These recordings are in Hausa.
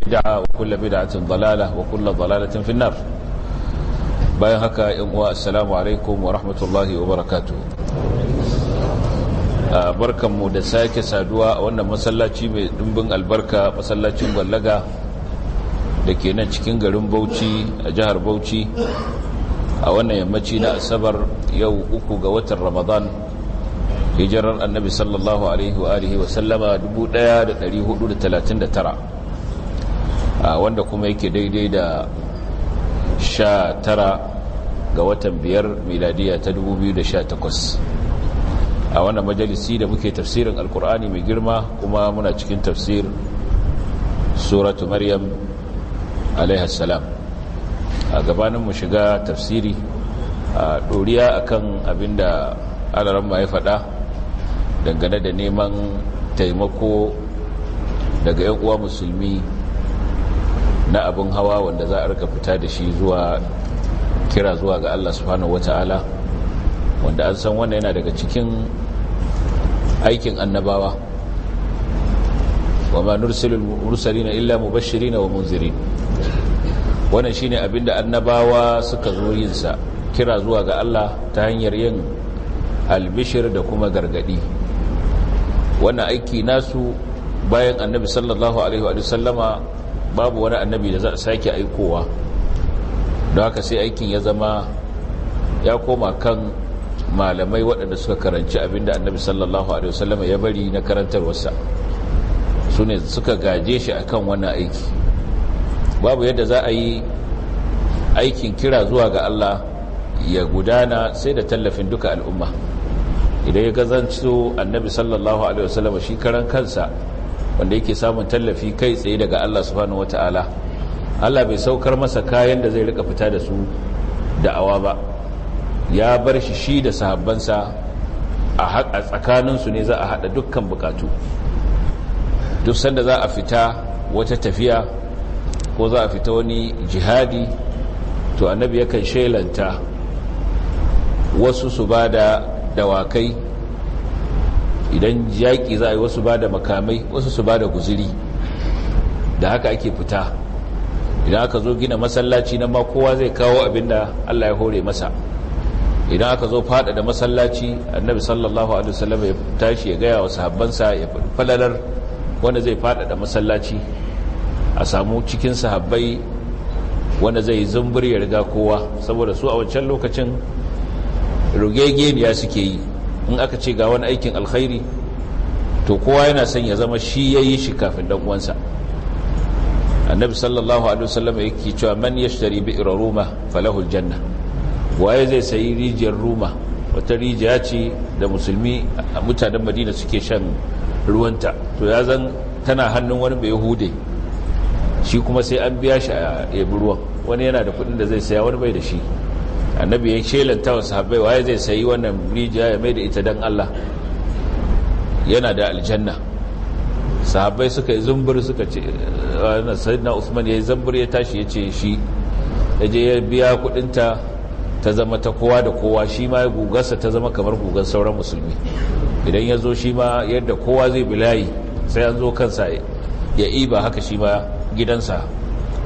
bid'a wa kullu bid'atin dalalah wa bayan haka yan uwa assalamu alaikum wa rahmatullahi wa barakatuh ah, barkanmu da sake saduwa a wannan masallaci mai dimbin albarka masallacin gwallaga da ke nan cikin garin Bauchi a jihar Bauchi a wannan yammaci na asabar yau uku ga watan Ramadan hijirar annabi sallallahu alaihi wa alihi wa sallama tara. wanda kuma yake daidai da sha tara ga watan biyar miladiya ta 2018 a wannan majalisi da muke tafsirin alkur'ani mai girma kuma muna cikin tafsir suratu maryam alaihassalam a gabanin mu shiga tafsiri a doriya akan abinda alaran ma ya faɗa dangane da neman taimako daga 'yan uwa musulmi na abin hawa wanda za a rika fita da shi zuwa kira zuwa ga Allah subhanahu wata'ala wanda an san wannan yana daga cikin aikin annabawa wa ma nursilul mursalina illa mubashirin wa munzirin wannan shine abinda annabawa suka zo yin sa kira zuwa ga Allah ta hanyar yin albishir da kuma gargadi wannan aiki nasu bayan annabi sallallahu alaihi wa sallama babu wani annabi da za a sake aikowa don haka sai aikin ya zama ya koma kan malamai waɗanda suka karanci abinda annabi sallallahu alaihi wasallam ya bari na karantarwarsa su ne suka gaje shi a kan wani aiki babu yadda za a yi aikin kira zuwa ga Allah ya gudana sai da tallafin duka al'umma idan ya gazanci annabi sallallahu alaihi wasallam shi karan kansa wanda yake samun tallafi kai tsaye daga Allah subhanahu wata'ala Allah bai saukar masa kayan da zai rika fita da su da awa ba ya bar shi shi da sahabbansa a tsakanin su ne za a haɗa dukkan bukatu duk sanda za a fita wata tafiya ko za a fita wani jihadi to annabi yakan shelanta wasu su ba da dawakai idan yaƙi za a yi wasu ba da makamai wasu su ba da guziri da haka ake fita idan aka zo gina masallaci na ma kowa zai kawo abin da allah ya hore masa idan aka zo fada da masallaci annabi sallallahu alaihi wasallam ya tashi ya gaya wa sahabbansa ya falalar wanda zai fada da masallaci a samu cikin sahabbai wanda zai zumbur ya riga kowa saboda su a wancan lokacin ya suke yi in aka ce ga wani aikin alkhairi to kowa yana son ya zama shi ya yi shi kafin dan uwansa annabi sallallahu alaihi wasallam yake cewa man yashtari bi ruma falahu aljanna waye zai sayi rijiyar ruma wata rijiya ce da musulmi mutanen madina suke shan ruwanta to ya zan tana hannun wani bai hude shi kuma sai an biya shi a yabi ruwan wani yana da kuɗin da zai saya wani bai da shi annabi ya shelanta wa sahabbai waye zai sayi wannan rijiya ya mai da ita dan Allah yana da aljanna sahabbai suka yi zumbur suka ce na usman ya yi zumbur ya tashi ya ce shi ya je ya biya kudinta ta zama ta kowa da kowa shi ma ya gugarsa ta zama kamar gugar sauran musulmi idan ya zo shi ma yadda kowa zai bilayi sai an zo kansa ya iba haka shi ma gidansa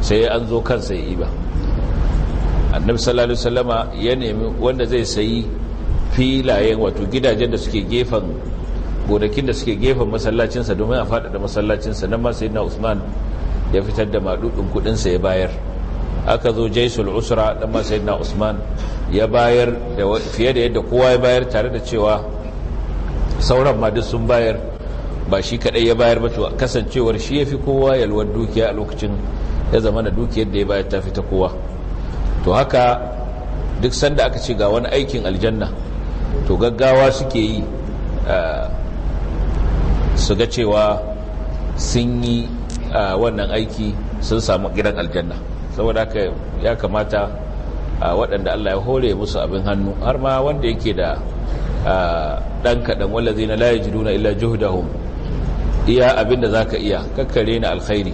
sai an zo kansa ya iba annabi sallallahu alaihi ya nemi wanda zai sayi filayen wato gidajen da suke gefen gonakin da suke gefen masallacinsa domin a faɗaɗa masallacinsa nan ma sayyidina usman ya fitar da maɗuɗin kuɗinsa ya bayar aka zo jaisul usra dan ma sayyidina usman ya bayar da fiye da yadda kowa ya bayar tare da cewa sauran ma duk sun bayar ba shi kaɗai ya bayar ba to kasancewar shi yafi kowa yalwar dukiya a lokacin ya zama da dukiyar da ya bayar ta fita kowa to haka duk sanda aka ce ga wani aikin aljanna to gaggawa suke yi su ga cewa sun yi wannan aiki sun samu gidan aljanna saboda haka ya kamata waɗanda Allah ya hore musu abin hannu har ma wanda yake da ɗan kaɗan wallazi na laye jiduna illa juhudahum iya abin da za ka iya kakkare na alkhairi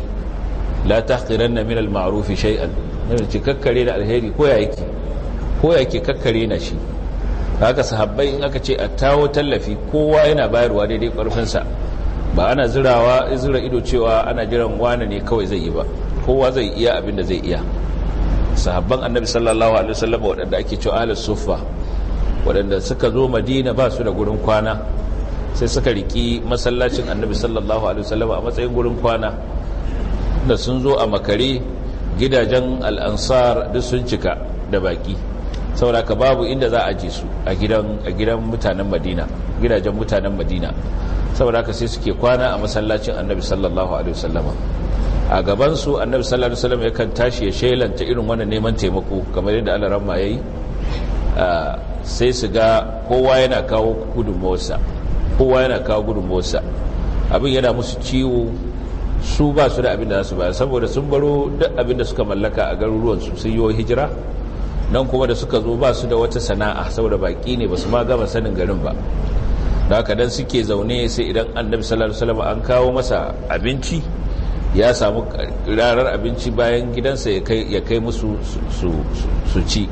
la tahqiranna minal maarufi maruf nabi kakkare da alheri ko ya yake ko ya yake kakkare na shi haka sahabbai in aka ce a tawo tallafi kowa yana bayarwa daidai karfinsa ba ana zirawa zira ido cewa ana jiran wani ne kawai zai yi ba kowa zai iya abin da zai iya sahabban annabi sallallahu alaihi wasallam waɗanda ake cewa ahlus suffa waɗanda suka zo madina ba su da gurin kwana sai suka riki masallacin annabi sallallahu alaihi wasallam a matsayin gurin kwana da sun zo a makare gidajen al'ansar duk sun cika da baki sauraka babu inda za a ji su a gidan mutanen madina gidajen mutanen madina sauraka sai suke kwana a masallacin annabi sallallahu alaihi wasallama a gabansu annabi sallallahu alaihi wasallam yakan tashi ya shelanta irin wannan neman taimako kamar yadda Allah ramma yayi sai su ga kowa yana kawo gudunmawarsa kowa yana kawo gudunmawarsa abin yana musu ciwo su ba su da abin da su bayar saboda sun baro duk abin da suka mallaka a garuruwansu sun yi hijira nan kuma da suka zo ba su da wata sana'a saboda baki ne ba su ma gama sanin garin ba da haka dan suke zaune sai idan annabi sallallahu alaihi wasallam an kawo masa abinci ya samu rarar abinci bayan gidansa ya kai musu su ci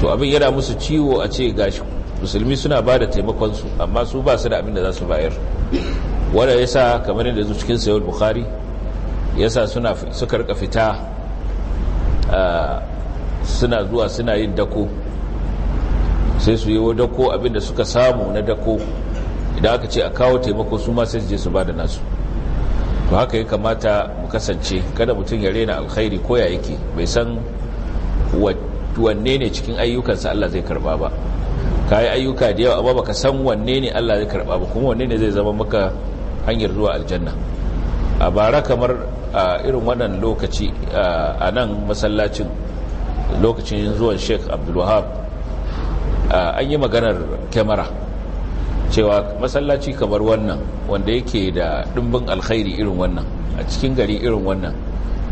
to abin yana musu ciwo a ce gashi musulmi suna bada da taimakonsu amma su ba su da abin da za su bayar wanda ya sa kamar yadda zuwa cikin sayar bukari ya sa suka rika fita suna zuwa suna yin dako sai su yi wa dako abinda suka samu na dako idan aka ce a kawo taimako su ma sai su je su ba da nasu to haka ya kamata mu kasance kada mutum ya rena alkhairi ko ya yake bai san wanne ne cikin ayyukansa Allah zai karba ba ka yi ayyuka da yawa amma baka san wanne ne Allah zai karba ba kuma wanne ne zai zama maka hanyar zuwa aljanna a bara kamar a irin wannan lokaci a nan masallacin lokacin zuwan sheik abdulwahab an yi maganar kyamara cewa masallaci kamar wannan wanda yake da ɗimbin alkhairi irin wannan a cikin gari irin wannan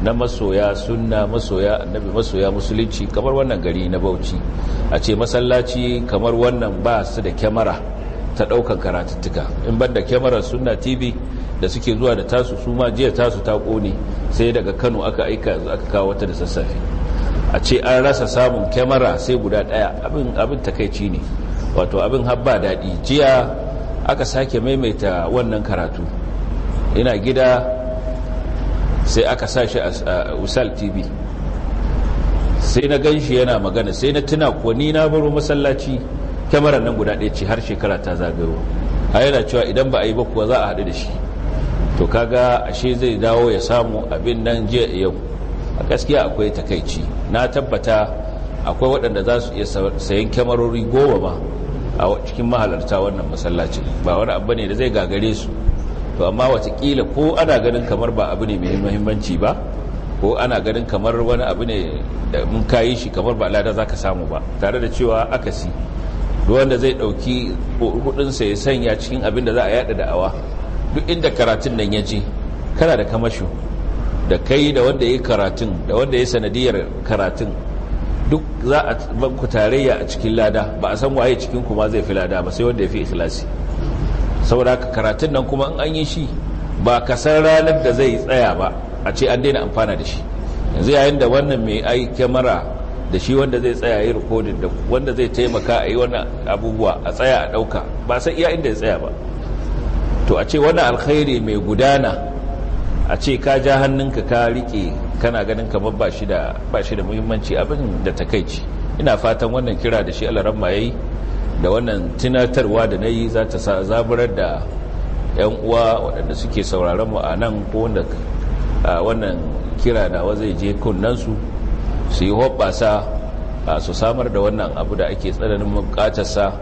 na masoya sunna masoya annabi masoya musulunci kamar wannan gari na bauchi a ce masallaci kamar wannan ba su da kyamara ta daukan karatuttuka in da kyamarar suna tv da suke zuwa da tasu su ma jiya tasu ta ƙone sai daga kano aka aika yanzu aka kawo wata da sassafe a ce an rasa samun kyamara sai guda ɗaya abin takaici ne wato abin habba daɗi jiya aka sake maimaita wannan karatu ina gida sai aka sa shi a usal tv sai na gan shi yana magana sai na tuna kuwa ni na baro masallaci kyamarar nan guda ɗaya ce har shekara ta zagayo a yana cewa idan ba a yi ba kuwa za a haɗu da shi to kaga ashe zai dawo ya samu abin nan jiya yau a gaskiya akwai takaici na tabbata akwai waɗanda za su iya sayan kyamarori goma ba a cikin mahalarta wannan masallacin ba wani abu ne da zai gagare su to amma watakila ko ana ganin kamar ba abu ne mai muhimmanci ba ko ana ganin kamar wani abu ne da mun kayi shi kamar ba lada za ka samu ba tare da cewa aka si. wanda zai dauki kudinsa ya sanya cikin abin da za a yada da'awa duk inda karatun nan ya ji kana da kamashu da kai da wanda ya karatun da wanda ya sanadiyar karatun duk za a banku tarayya a cikin lada ba a san waye cikin kuma zai fi lada ba sai wanda ya fi ikhlasi saboda karatun nan kuma in an yi shi ba ka san ranar da zai tsaya ba a ce an daina amfana da shi yanzu yayin da wannan mai ai kyamara da shi wanda zai tsaya yi rikodin da wanda zai taimaka a yi wani abubuwa a tsaya a ɗauka ba sai iya inda ya tsaya ba to a ce wani alkhairi mai gudana a ce ka ja hannunka ka rike kana ganin kamar ba shi da muhimmanci abin da takaici ina fatan wannan kira da shi alaramma ya yi da wannan tunatarwa da na yi za ta sa zaburar da 'yan uwa waɗanda suke sauraron mu a nan ko wanda wannan kira nawa zai je kunnansu su yi hoɓasa su samar da wannan abu da ake tsananin sa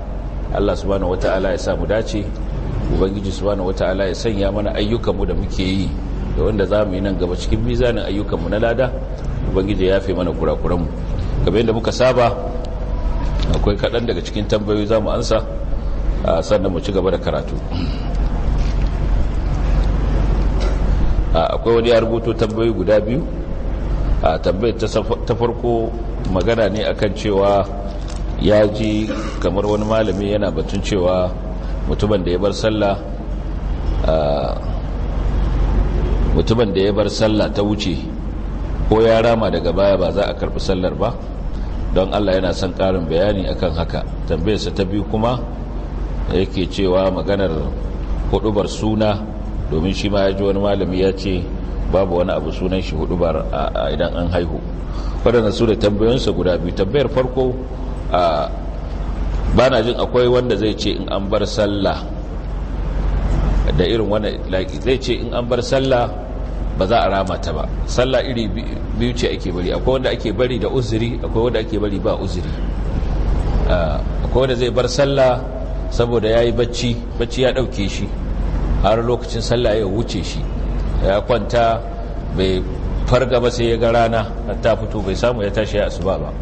allah subhanahu ala ya samu dace ubangiji subhanahu ala ya sanya mana ayyukanmu da muke yi da wanda za mu yi nan gaba cikin mizanin ayyukanmu na lada ubangiji ya fi mana kurakuranmu game da muka saba akwai kaɗan daga cikin tambayoyi za mu ansa sannan mu ci gaba da karatu akwai wani ya rubuto tambayoyi guda biyu a tambayar ta farko magana ne akan cewa ya ji kamar wani malami yana batun cewa mutumin da ya bar sallah mutumin da ya bar sallah ta wuce ko ya rama daga baya ba za a karbi sallar ba don Allah yana son karin bayani akan haka tambayarsa ta biyu kuma yake cewa maganar hudubar suna domin shi ma ya ji wani malami ya ce babu wani abu sunan shi hudu ba idan an haihu waɗanda su da tambayonsa guda biyu tambayar farko a ba na jin akwai wanda zai ce in an bar sallah da irin wani zai ce in an bar sallah ba za a rama ta ba sallah iri biyu ce ake bari akwai wanda ake bari da uzuri akwai wanda ake bari ba uzuri akwai wanda zai bar sallah saboda ya yi bacci bacci ya ɗauke shi har lokacin sallah ya wuce shi ya kwanta bai farga ba sai ya ga rana ta fito bai samu ya tashi ya asuba ba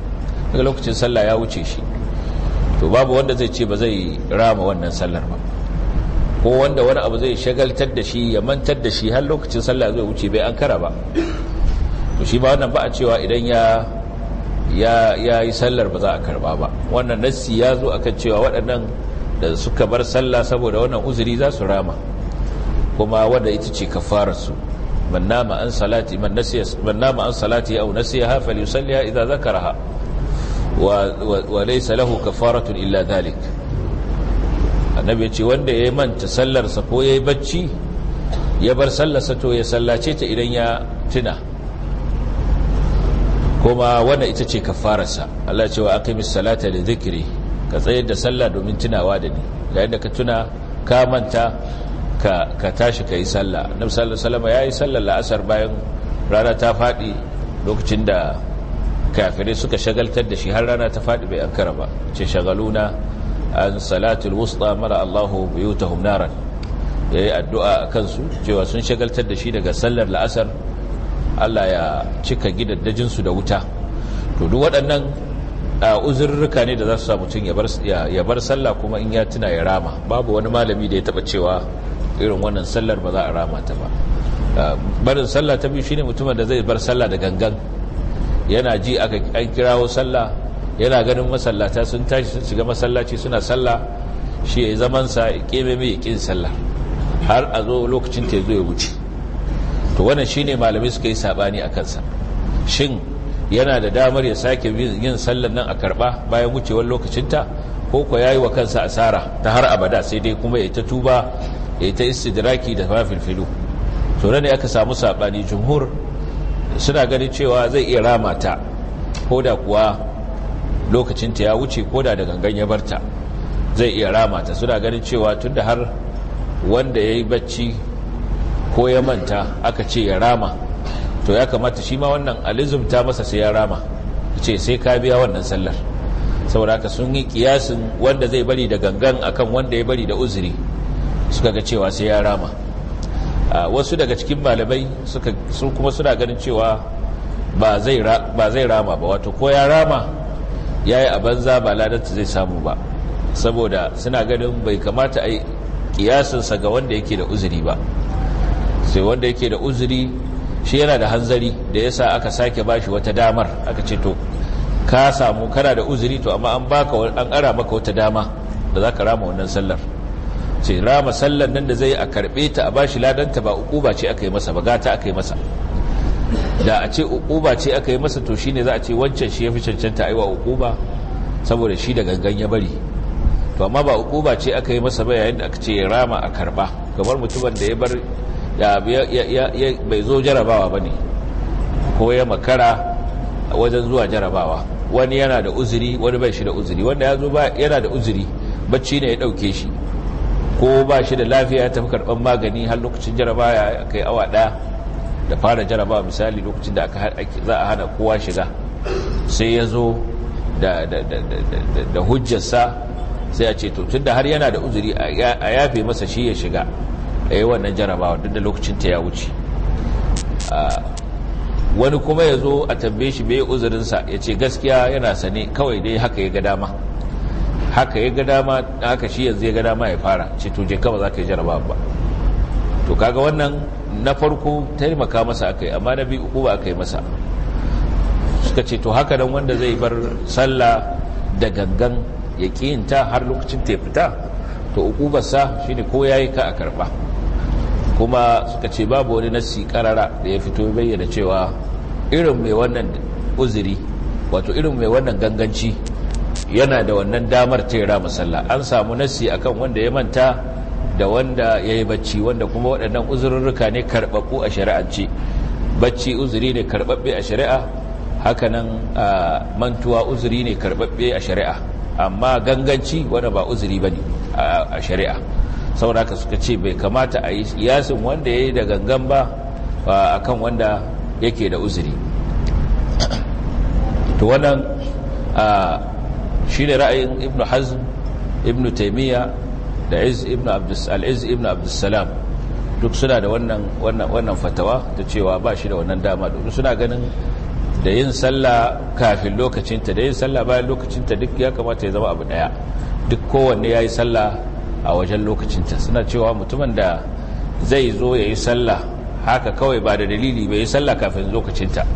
daga lokacin sallah ya wuce shi to babu wanda zai ce ba zai rama wannan sallar ba ko wanda wani abu zai shagaltar da shi ya mantar da shi har lokacin sallah zai wuce bai an kara ba to shi ba wannan ba a cewa idan ya ya ya yi sallar ba za a karba ba wannan nassi ya zo akan cewa waɗannan da suka bar sallah saboda wannan uzuri za su rama kuma wanda ita ce su? man nama an salati man nasiya man nama an salati aw nasiyaha wa wa lahu kafaratun illa dhalik annabi ce wanda ya manta sallarsa ko yayi bacci ya bar sallarsa to ya sallace ta idan ya tuna kuma wanda ita ce kafararsa Allah cewa aqimis salata da zikiri ka tsayar da sallah domin tunawa da ni yayin da ka tuna ka manta ka tashi ka yi sallah na sallallahu salama ya yi sallar la'asar bayan rana ta faɗi lokacin da kafirai suka shagaltar da shi har rana ta faɗi bai ankara ba ce shagaluna an salatul wusta mara Allahu buyutahum ya yayi addu'a a kansu cewa sun shagaltar da shi daga sallar la'asar Allah ya cika gidaddajin su da wuta to duk waɗannan uzurruka ne da za su sa mutum ya bar sallah kuma in ya tuna ya rama babu wani malami da ya taɓa cewa irin wannan sallar ba za a rama ta ba ah, barin sallah ta biyu shine mutumin da zai bar sallah da gangan yana ji aka an kirawo sallah yana ganin masallata sun tashi sun shiga masallaci suna sallah shi ya zaman sa keme mai kin sallah har a zo lokacin ta zo ya wuce to wannan shine malami suka yi sabani a kansa shin yana da damar ya sake yin sallar nan a karba bayan wucewar lokacin ta ko ko yayi wa kansa asara ta har abada sai dai kuma ya ta tuba da ta istidraki da filfilu to ne aka samu sabani jumhur suna ganin cewa zai iya rama ta ko da kuwa lokacinta ya wuce ko da da gangan ya barta zai iya rama ta suna ganin cewa tun da har wanda ya yi bacci ko ya manta aka ce ya rama to ya kamata shi ma wannan ta masa sai ya rama ce sai ka biya wannan sallar saboda haka sun yi kiyasin wanda zai bari da gangan akan wanda ya bari da uzuri suka ga cewa sai ya rama wasu daga cikin malamai su kuma suna ganin cewa ba zai rama ba wato ko ya rama ya yi a banza ba ladarta zai samu ba saboda suna ganin bai kamata a yi kiyasinsa ga wanda yake da uzuri ba sai wanda yake da uzuri shi yana da hanzari da ya sa aka sake bashi wata damar aka ce to ka samu kana da uzuri to amma an ara maka wata dama da za ka rama wannan sallar ce rama sallan nan da zai a karbe ta a bashi ladanta ba ukuba ce aka yi masa ba gata aka yi masa da a ce ukuba ce aka yi masa to shine za a ce wancan shi yafi cancanta aiwa ukuba saboda shi da gangan ya bari to amma ba ukuba ce aka yi masa ba yayin da aka ce rama a karba kamar mutumin da ya bar ya bai zo jarabawa ba ne ko ya makara wajen zuwa jarabawa wani yana da uzuri wani bai shi da uzuri wanda ya zo yana da uzuri bacci ne ya dauke shi ko ba shi da lafiya tafi karɓar magani har lokacin jaraba ya kai awa ɗaya da fara jaraba misali lokacin da za a hana kowa shiga sai ya zo da hujjarsa sai ya ce to tunda da har yana da uzuri a yafe masa shi ya shiga a yi wannan jarabawa duk da lokacinta ya wuce wani kuma ya zo a tambaye shi bai uzurinsa ya ce gaskiya yana sane kawai dai haka ya ga dama haka ya ga dama haka shi yanzu ya ga dama ya fara ce to kama za ka yi jaraba ba to kaga wannan na farko taimaka masa aka yi amma na biyu ba aka yi masa suka ce to haka nan wanda zai bar sallah da gangan ya ƙiyinta har lokacin ta fita to ukubarsa ne ko ya yi ka a karba kuma suka ce babu wani nassi karara da ya fito bayyana cewa irin mai wannan uzuri wato irin mai wannan ganganci yana da wannan damar tera masalla an samu nasi akan wanda ya manta da wanda ya yi bacci wanda kuma waɗannan uzurruka ne karɓaɓɓu a shari'ance bacci uzuri ne karɓaɓɓe a shari'a hakanan mantuwa uzuri ne karɓaɓɓe a shari'a amma ganganci wanda ba uzuri ba ne a shari'a sauraka suka ce bai kamata a yi yasin wanda ya yi da gangan ba a kan wanda yake da uzuri to wannan shi ne ra'ayin ibn hazm ibn taimiyya da al'iz ibn abdussalam duk suna da wannan fatawa ta cewa ba shi da wannan dama duk suna ganin da yin sallah kafin lokacinta da yin sallah bayan lokacinta duk ya kamata ya zama abu daya duk kowanne ya yi sallah a wajen lokacinta suna cewa mutumin da zai zo ya yi sallah haka kawai ba da dalili bai yi sallah kafin lokacinta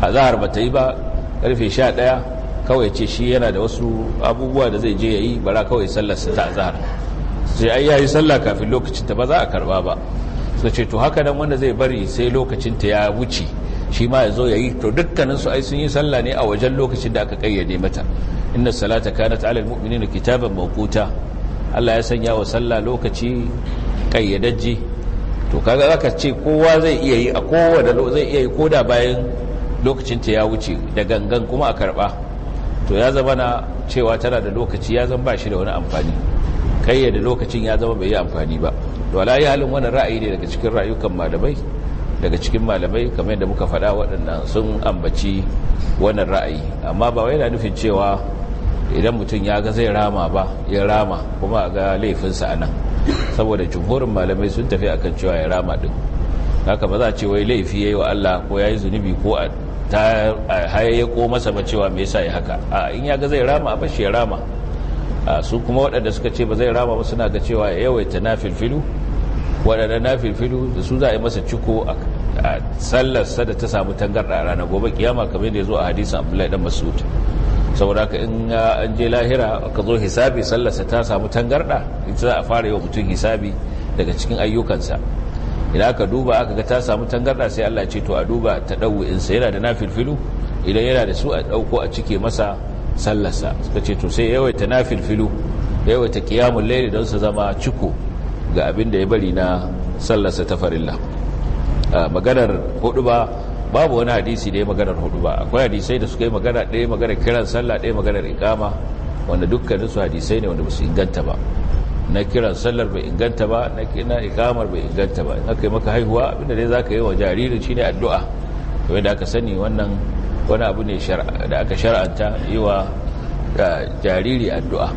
a zahar ba ta yi ba karfe sha ɗaya kawai ce shi yana da wasu abubuwa da zai je ya yi bara kawai sallarsa ta azahar sai ai yayi sallah kafin lokacin ta ba za a karba ba su ce to haka nan wanda zai bari sai lokacin ta ya wuce shi ma ya zo ya yi to dukkanin su ai sun yi sallah ne a wajen lokacin da aka kayyade mata inna salata kanat ala almu'minina kitaban mawquta Allah ya sanya wa sallah lokaci kayyadajje to kaga zaka ce kowa zai iya yi a kowa da zai iya yi koda bayan lokacin ta ya wuce da gangan kuma a karba to ya zama na cewa tana da lokaci ya zama ba shi da wani amfani yadda lokacin ya zama bai yi amfani ba to ala yi halin wani ra'ayi ne daga cikin rayukan malamai daga cikin malamai kamar yadda muka faɗa waɗannan sun ambaci wannan ra'ayi amma ba wai yana nufin cewa idan mutum ya ga zai rama ba ya rama kuma ga laifinsa a nan saboda jumhurin malamai sun tafi akan cewa ya rama din haka ba za a ce wai laifi ya yi wa Allah ko ya yi zunubi ko ta ko masa ba cewa me yasa ya haka a in ya ga zai rama a bashi ya rama su kuma waɗanda suka ce ba zai rama ba suna ga cewa ya yawaita na filfilu waɗanda na filfilu da su za a yi masa ciko a sallarsa da ta samu tangarɗa rana gobe kiyama kamar da ya zo a hadisan abdullahi dan masud saboda ka in an je lahira ka zo hisabi sallarsa ta samu tangarɗa ita za a fara yau mutum hisabi daga cikin ayyukansa idan aka duba aka ga ta samu tangarda sai Allah ce to a duba ta in sai yana da nafilfilu idan yana da su a dauko a cike masa sallarsa suka ce to sai yawaita nafilfilu yawaita qiyamul layli don su zama ciko ga abin da ya bari na sallarsa ta farilla maganar hudu ba babu wani hadisi da ya maganar hudu ba akwai hadisai da suka yi magana ɗaya maganar kiran sallah ɗaya maganar ikama wanda dukkaninsu hadisai ne wanda ba su inganta ba na kiran sallar bai inganta ba na ikamar bai inganta ba in aka yi maka haihuwa abinda dai za ka yi wa jaririn shi ne addu'a kamar da aka sani wannan wani abu ne da aka shara'anta yi wa jariri addu'a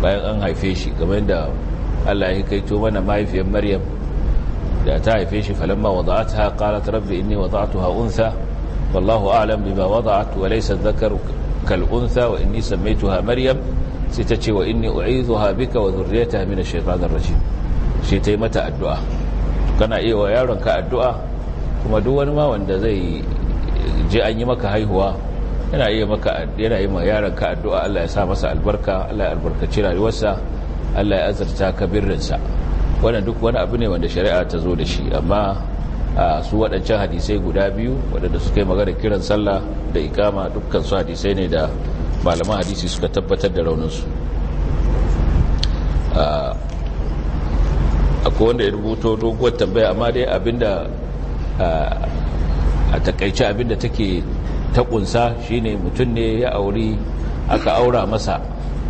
bayan an haife shi kamar da allah ya kai to mana mahaifiyar maryam da ta haife shi falamma wada'ata qalat rabbi inni wada'tuha unsa wallahu a'lam bi ma wa laysa dhakaru kal unsa wa inni sammaytuha maryam sai ta ce wa inni u'izuha bika wa zurriyataha min ash-shaytanir rajim shi ta yi mata addu'a kana iya wa yaron ka addu'a kuma duk wani ma wanda zai je an yi maka haihuwa yana iya maka yana yi ma yaron ka addu'a Allah ya sa masa albarka Allah ya albarkaci rayuwarsa Allah ya azurta ka birrinsa wannan duk wani abu ne wanda shari'a ta zo da shi amma su waɗancan hadisai guda biyu waɗanda suka yi magana kiran sallah da ikama dukkan su hadisai ne da malaman hadisi suka tabbatar da rauninsu ah, akwai wanda ya rubuto doguwar tambaya amma dai abinda ah, a takaice abinda take ta shine mutum ne ya auri aka aura masa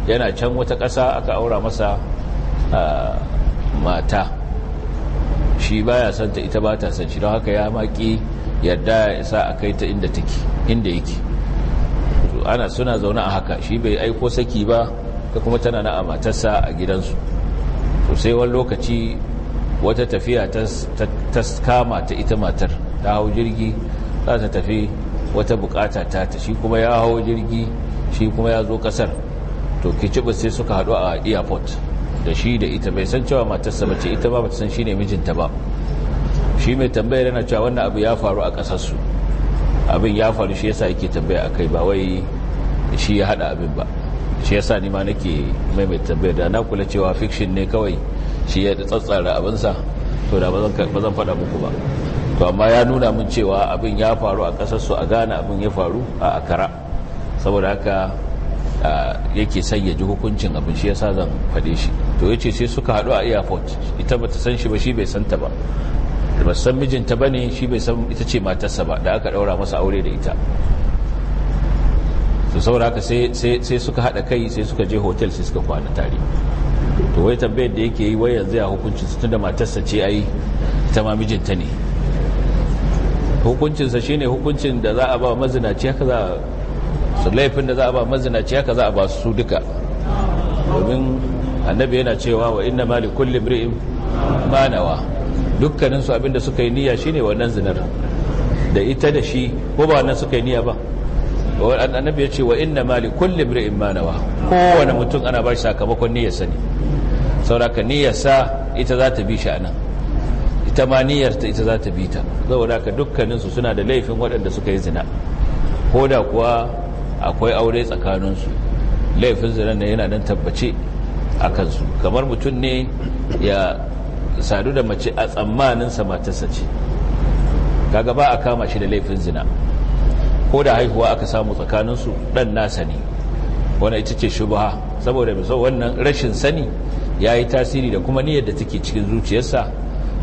yana can wata ƙasa aka aura masa ah, mata shi baya santa ita ba ta san shi don haka ya maki yadda ya sa a kai ta inda yake ana suna zaune a haka shi bai aiko saki ba ta kuma tana na amatarsa a gidansu to sai wani lokaci wata tafiya ta kama ta ita matar ta hau jirgi za ta tafi wata bukata ta ta shi kuma ya hau jirgi shi kuma ya zo kasar to kicibu sai suka hadu a airport da shi da ita mai san cewa matarsa mace ita ba ba san shi ne mijinta ba shi mai tambayar yana cewa wannan abu ya faru a kasarsu abin ya faru shi yasa yake tambaya a kai ba wai shi ya hada abin ba shi yasa ni ma nake maimaita da na kula cewa fiction ne kawai shi ya tsatsara abinsa to da ba zan faɗa muku ba to amma ya nuna min cewa abin ya faru a kasar su a gane abin ya faru a akara saboda haka yake sanya ji hukuncin abin shi yasa zan fade shi to ya ce sai suka hadu a airport ita ba ta san shi ba shi bai san ta ba ba san mijinta ba ne shi bai san ita ce matarsa ba da aka ɗaura masa aure da ita su sauraka sai suka haɗa kai sai suka je hotel sai suka kwana tare to wai tambayar da yake yi wai yanzu ya su tun da matarsa ce ai ta ma mijinta ne hukuncinsa shine hukuncin da za a ba mazinaci haka za a su laifin da za a ba mazinaci haka za a ba su duka domin annabi yana cewa wa inna mali kulli mri'in manawa dukkaninsu abinda suka yi niyya shine wannan zinar da ita da shi ko ba wannan suka yi niyya ba annabi ya ce wa inna mali kulli imri'in ma nawa kowane mutum ana bashi sakamakon niyyar sa ne sauraka sa ita za ta bi shi anan ita ma ta ita za ta bi ta saboda ka dukkanin su suna da laifin waɗanda suka yi zina ko da kuwa akwai aure tsakanin su laifin zina ne yana nan tabbace a kansu kamar mutum ne ya sadu da mace a tsammanin sa matarsa ce kaga ba a kama shi da laifin zina ko da haihuwa aka samu tsakaninsu ɗan nasa ne wani ita ce shubha saboda mai sau wannan rashin sani ya yi tasiri da kuma niyyar da take cikin zuciyarsa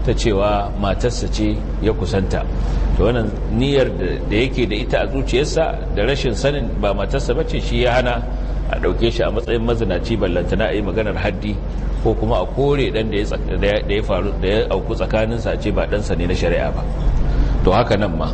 ta cewa matarsa ce ya kusanta ta wannan niyyar da yake da ita a zuciyarsa da rashin sanin ba matarsa ba ce shi ya hana a ɗauke shi a matsayin mazinaci ballantana a yi maganar haddi ko kuma a kore ɗan da ya faru da ya auku tsakaninsa ce ba ɗansa ne na shari'a ba to haka nan ma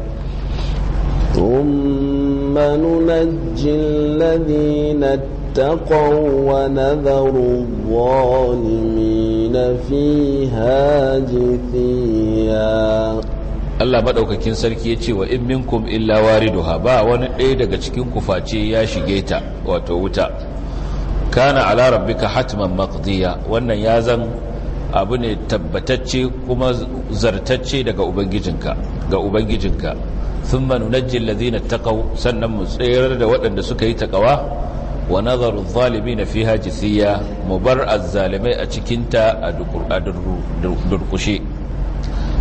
ثم ننجي الذين اتقوا ونذر الظالمين فيها جثيا Allah maɗaukakin sarki ya ce wa in minkum illa wariduha ba wani ɗaya daga cikin kuface ya shige ta wato wuta kana ala rabbika hatman maqdiya wannan ya zan abu ne tabbatacce kuma zartacce daga ubangijinka ga ubangijinka sun manunajji na takau sannan mu tsayar da waɗanda suka yi takawa wa zalimi na fi ya? mu bar azzalimai a cikinta a durkushe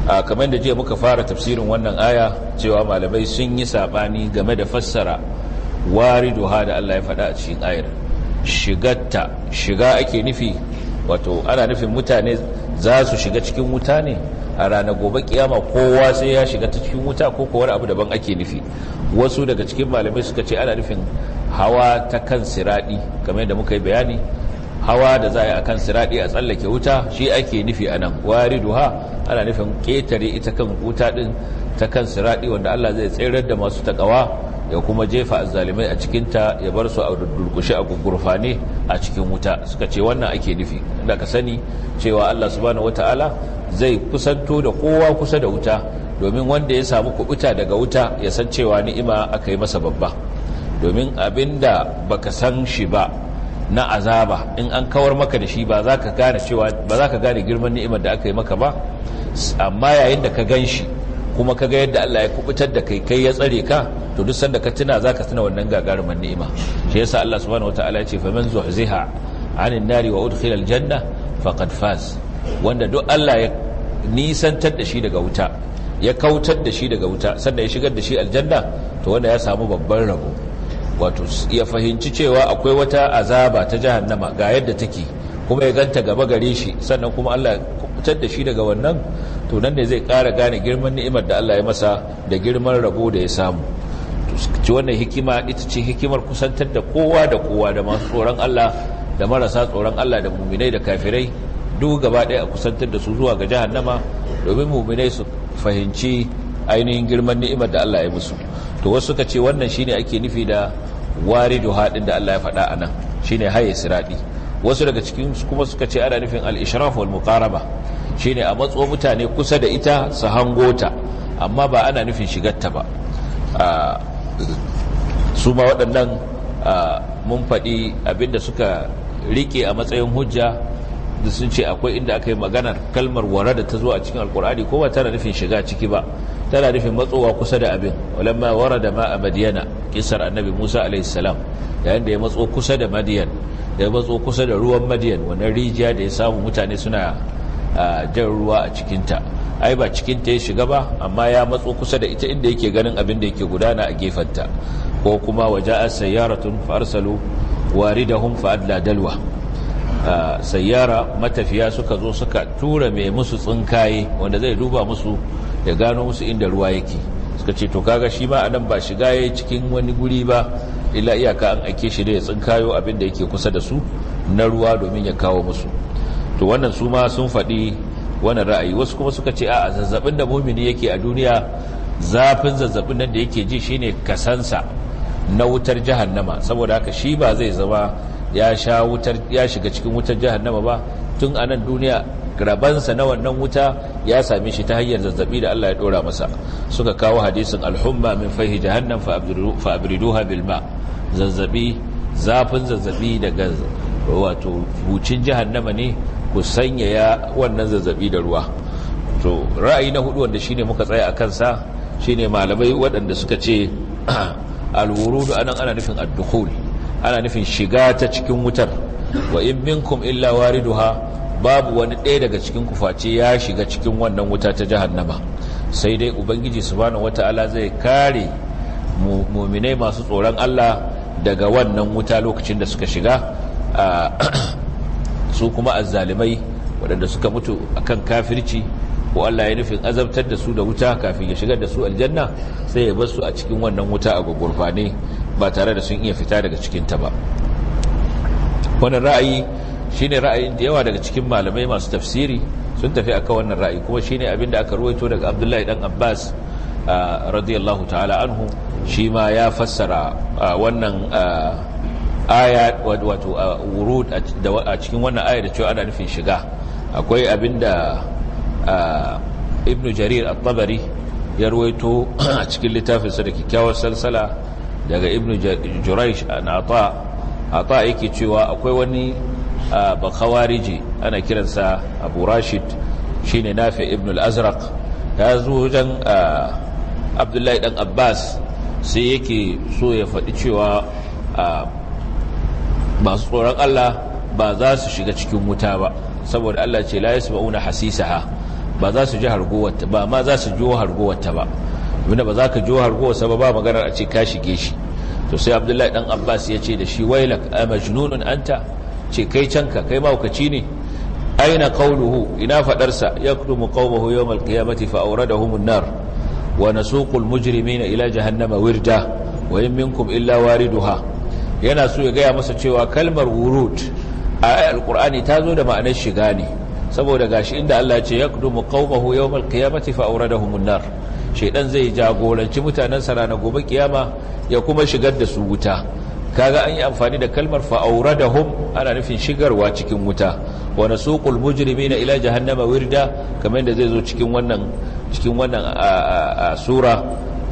a kamar da jiya muka fara tafsirin wannan aya cewa malamai sun yi saɓani game da fassara wari doha da Allah ya faɗa a cikin ayar shigatta shiga ake nufi wato ana nufin mutane za su shiga cikin wuta ne a ranar gobe kiyama kowa sai ya shiga cikin wuta ko kowar abu daban ake nufi wasu daga cikin malamai suka ce ana nufin hawa ta kan siradi game da muka yi bayani hawa da za a yi a kan siradi a tsallake wuta shi ake nufi a nan duha ana nufin ƙetare ita kan wuta ɗin ta kan siradi wanda Allah zai tsirar da masu taƙawa ya kuma jefa azzalimai a cikinta ya bar su a durkushe a gurfane a cikin wuta suka ce wannan ake nufi da ka sani cewa Allah subhanahu wata'ala zai kusanto da kowa kusa da wuta domin wanda ya samu kubuta daga wuta ya san cewa ni'ima aka yi masa babba domin abinda baka san shi ba na azaba in an kawar maka da shi ba za ka gane cewa ba za ka gane girman ni'imar da aka yi maka ba amma yayin da ka gan shi kuma kaga yadda Allah ya kubutar da kai kai ya tsare ka to duk sanda ka tuna zaka tuna wannan gagarumin ni'ima shi yasa Allah subhanahu wataala ya ce faman zuhziha 'anil nari wa udkhila aljanna faqad faz wanda duk Allah ya nisantar da shi daga wuta ya kautar da shi daga wuta sannan ya shigar da shi aljanna to wanda ya samu babban rabo wato ya fahimci cewa akwai wata azaba ta jahannama ga yadda take kuma ya ganta gaba gare shi sannan kuma Allah fitar da shi daga wannan to nan ne zai kara gane girman ni'imar da Allah ya masa da girman rabo da ya samu ci wannan hikima ita ce hikimar kusantar da kowa da kowa da masu tsoron Allah da marasa tsoron Allah da muminai da kafirai duk gaba ɗaya a kusantar da su zuwa ga jahannama domin muminai su fahimci ainihin girman ni'imar da Allah ya musu to wasu suka ce wannan shine ake nufi da wari duha din da Allah ya faɗa anan shine haye siradi wasu daga cikin kuma suka ce ana nufin al-ishraf wal muqaraba shine a matso mutane kusa da ita su hangota amma ba ana nufin ta ba su ma waɗannan mun faɗi abinda suka rike a matsayin hujja da sun ce akwai inda aka yi maganar kalmar wara da ta zo a cikin alkur'ani ko ba tana nufin shiga ciki ba tana nufin matsowa kusa da abin walamma wara da ma a madiyana kisar annabi musa salam yayin da ya matso kusa da madiyan ya matso kusa da ruwan madiyan wani rijiya da ya samu mutane suna jan ruwa a cikinta ai ba cikinta ya shiga ba amma ya matso kusa da ita inda yake ganin abin da yake gudana a gefenta ko kuma waje a tun farsalu wari da hun fa'adla dalwa sayyara matafiya suka zo suka tura mai musu tsinkaye wanda zai duba musu da gano musu inda ruwa yake suka ce to kaga shi ma anan ba shiga ya cikin wani guri ba illa iyaka an aike shi da ya tsinkayo abin da yake kusa da su na ruwa domin ya kawo musu to wannan su ma sun faɗi wannan ra'ayi wasu kuma suka ce a zazzabin da mumini yake a duniya zafin zazzabin nan da yake ji shine kasansa na wutar jahannama saboda haka shi ba zai zama ya sha wutar ya shiga cikin wutar jahannama ba tun a nan duniya rabansa na wannan wuta ya same shi ta hanyar zazzabi da Allah ya dora masa suka kawo hadisin alhumma min fahi jahannam fa abriduha bil ma' zazzabi zafin zazzabi daga wato bucin jahannama ne ku sanyaya wannan zazzabi da ruwa to ra'ayi na hudu wanda shine muka tsaya a kansa shine malamai waɗanda suka ce alwurudu anan ana nufin addukhul ana nufin shiga ta cikin wutar wa in minkum illa wariduha babu wani ɗaya daga cikin kufaci ya shiga cikin wannan wuta ta jahannama sai dai ubangiji subhanahu wataala zai kare muminai masu tsoron Allah daga wannan wuta lokacin da suka shiga su kuma azzalimai waɗanda suka mutu akan kafirci ko Allah ya nufin azabtar da su da wuta kafin ya shigar da su aljanna sai ya bar a cikin wannan wuta a gurgurfane ba tare da sun iya fita daga cikin ta ba wannan ra'ayi shine ra'ayin da yawa daga cikin malamai masu tafsiri sun tafi akan wannan ra'ayi kuma shine abin da aka ruwaito daga Abdullahi dan Abbas radiyallahu ta'ala anhu shi ma ya fassara wannan aya wato wurud a cikin wannan aya da cewa ana nufin shiga akwai abinda ibn jarir at-tabari ya ruwaito a cikin littafinsa da kyakkyawar salsala daga ibn juraish na ata ata yake cewa akwai wani bakawariji ana kiransa abu rashid shine nafi ibn al-azraq ya zo wajen abdullahi dan abbas sai yake so ya faɗi cewa masu tsoron allah ba za su shiga cikin wuta ba saboda allah ce la yasu hasisa ha ba za su ji hargowarta ba ma za su jiwo hargowarta ba wanda ba za ka jiwo hargowarsa ba ba maganar a ce ka shige shi to sai abdullahi dan abbas ya ce da shi Waila a majnunun anta ce kai canka kai maukaci ne aina kauluhu ina fadarsa yaktumu qaumahu yawm alqiyamati fa da humun nar wa nasuqul mujrimina ila jahannama wirda wa in minkum illa yana so ya gaya masa cewa kalmar wurud a alqur'ani ta zo da ma'anar shiga ne saboda gashi inda Allah ce ya ce yaqdumu qaumahu yawmal qiyamati fa awradahum an-nar zai jagoranci mutanen sa gobe kiyama ya kuma shigar da su wuta kaga an yi amfani da kalmar fa hum ana nufin shigarwa cikin wuta wa nasuqul na ila jahannama wirda kamar da zai zo cikin wannan cikin wannan sura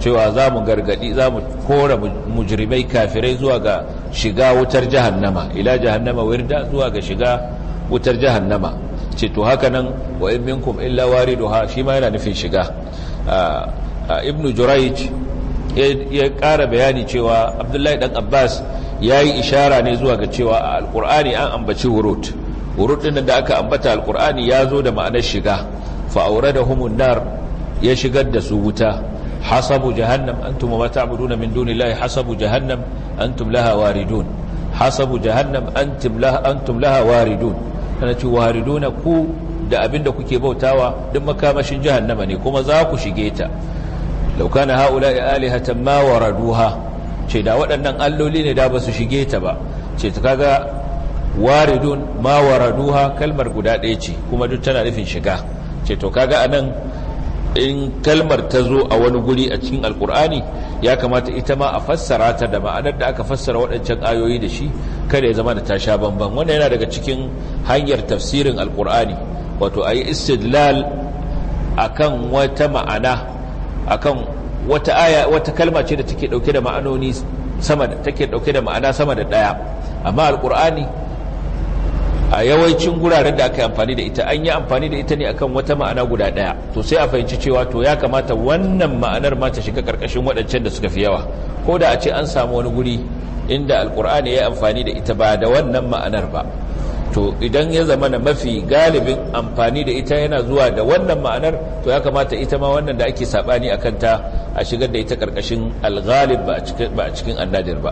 cewa za mu gargadi za mu kora mujrimai kafirai zuwa ga shiga wutar jahannama ila jahannama wirda zuwa ga shiga wutar jahannama ce to haka nan wa in minkum illa wariduha shi ma yana nufin shiga Ibn jurayj ya ƙara bayani cewa abdullahi dan abbas ya yi ishara ne zuwa ga cewa a alƙur'ani an ambaci wurut wurut ɗin da aka ambata alƙur'ani ya zo da ma'anar shiga fa'aura da humun nar ya shigar da su wuta hasabu jahannam antum wa ta'buduna min dunillahi hasabu jahannam antum laha waridun hasabu jahannam antum laha antum laha waridun kana ce wariduna ku da abinda kuke bautawa duk makamashin jahannama ne kuma za ku shige ta law kana haula'i alihatan ma waraduha ce da waɗannan alloli ne da ba su shige ta ba ce ta kaga waridun ma waraduha kalmar guda ɗaya ce kuma duk tana nufin shiga ce to kaga anan in kalmar ta zo a wani guri a cikin alkur'ani ya kamata ita ma a fassara ta da ma'anar da aka fassara waɗancan ayoyi da shi kada ya zama da tasha banban wannan yana daga cikin hanyar tafsirin alkur'ani wato a yi istidlal a kan wata ma'ana a kan wata aya kalma ce da take ɗauke da ma'anoni sama da da ma'ana sama da ɗaya amma alkur'ani a yawancin guraren da aka yi amfani da ita an yi amfani da ita ne akan wata ma'ana guda ɗaya to sai a fahimci cewa to ya kamata wannan ma'anar ma ta shiga karkashin waɗancan da suka fi yawa ko da a ce an samu wani guri inda alkur'ani ya yi amfani da ita ba da wannan ma'anar ba to idan ya zama na mafi galibin amfani da ita yana zuwa da wannan ma'anar to ya kamata ita ma wannan da ake saɓani a kanta a shigar da ita karkashin alghalib ba a cikin annadir ba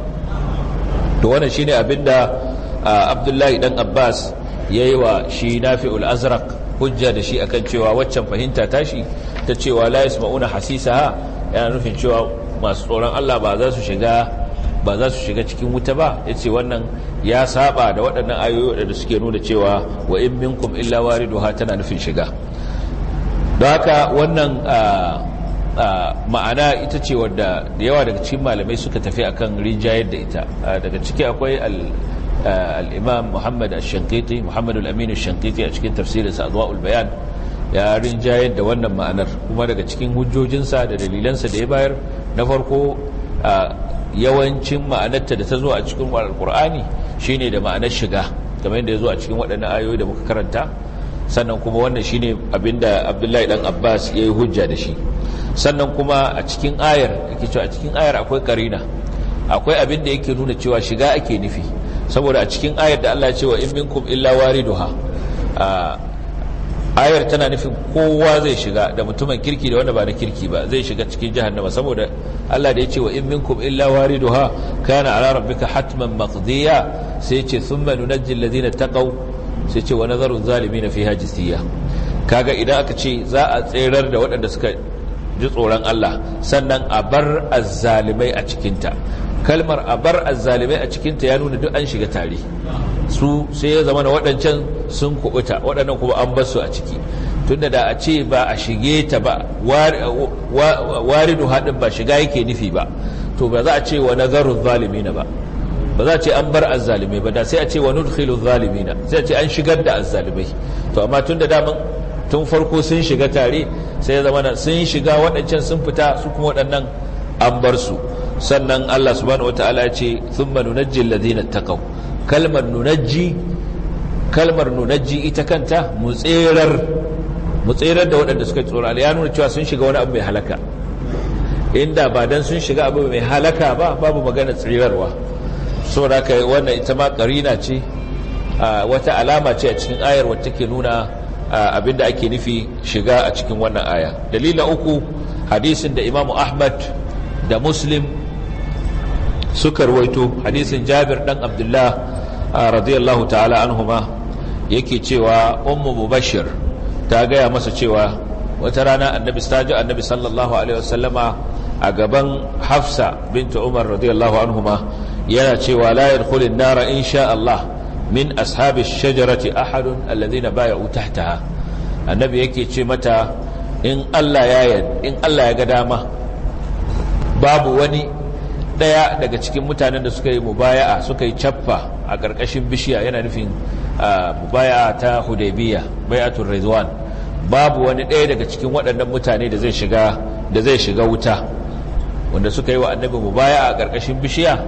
to wannan shine abinda abdullahi dan abbas ya yi wa shi nafi'ul azraq hujja da shi akan cewa waccan fahimta tashi ta cewa la ma'una hasisaha yana nufin cewa masu tsoron Allah ba za su shiga ba za su shiga cikin wuta ba yace wannan ya saba da waɗannan ayoyi da suke nuna cewa wa in minkum illa wariduha tana nufin shiga don haka wannan ma'ana ita ce wadda da yawa daga cikin malamai suka tafi akan rinjayar da ita daga ciki akwai al al-imam muhammad al-shankiti muhammad a cikin tafsirinsa adwa'ul bayan ya rinjayar da wannan ma'anar kuma daga cikin hujjojinsa da dalilansa da ya bayar na farko yawancin ma'anarta da ta zo a cikin alkur'ani shine da ma'anar shiga kamar yadda ya zo a cikin waɗannan ayoyi da muka karanta sannan kuma wannan shine abinda abdullahi dan abbas ya yi hujja da shi sannan kuma a cikin ayar yake cewa a cikin ayar akwai karina akwai abin da yake nuna cewa shiga ake nufi saboda a cikin ayar da Allah cewa in minkum illa wariduha ayar tana nufin kowa zai shiga da mutumin kirki da wanda ba na kirki ba zai shiga cikin jahannama saboda Allah da ya ce wa in minkum illa wariduha kana ala rabbika hatman maqdiya sai ce thumma nunajji alladhina taqaw sai ce wa nazaru zalimin fiha jisiya kaga idan aka ce za a tserar da waɗanda suka ji tsoron Allah sannan a bar azzalimai a cikinta kalmar a bar azzalimai a cikinta ya nuna duk an shiga tare su sai ya zama waɗancan sun kuɓuta waɗannan kuma an basu a ciki tunda da a ce ba a shige ta ba waridu haɗin ba shiga yake nufi ba to ba za a ce wa nazarun zalimina ba ba za a ce an bar azzalimai ba da sai a ce wa nudkhilu zalimina sai a ce an shigar da azzalimai to amma tun da daman tun farko sun shiga tare sai ya zama sun shiga waɗancan sun fita su kuma waɗannan an bar su sannan Allah subhanahu wataala ya ce thumma nunajji alladhina taqaw kalmar nunajji kalmar nunajji ita kanta mutserar mutserar da waɗanda suka tsoro ya nuna cewa sun shiga wani abu mai halaka inda ba dan sun shiga abu mai halaka ba babu magana tsirarwa saboda yi wannan ita ma karina ce wata alama ce a cikin ayar wacce take nuna abinda ake nufi shiga a cikin wannan aya dalilin uku hadisin da imamu Ahmad da Muslim suka ruwaito hadisin jabir dan abdullah ah, radiyallahu ta'ala huma yake cewa ummu mubashir ta gaya masa cewa wata rana annabi staji annabi sallallahu alaihi wasallama a gaban hafsa binta umar radiyallahu huma yana cewa layar kulin nara in sha Allah min ashabi shajarati ahadun alladhina baya tahtaha annabi yake ce mata in Allah ya in Allah ya ga dama babu wani ɗaya daga cikin mutanen da suka yi mubaya'a suka yi caffa a ƙarƙashin bishiya yana nufin mubaya'a ta hudaybiya bai'atul rizwan babu wani ɗaya daga cikin waɗannan mutane da zai shiga wuta wanda suka yi wa annabi mubaya'a a ƙarƙashin bishiya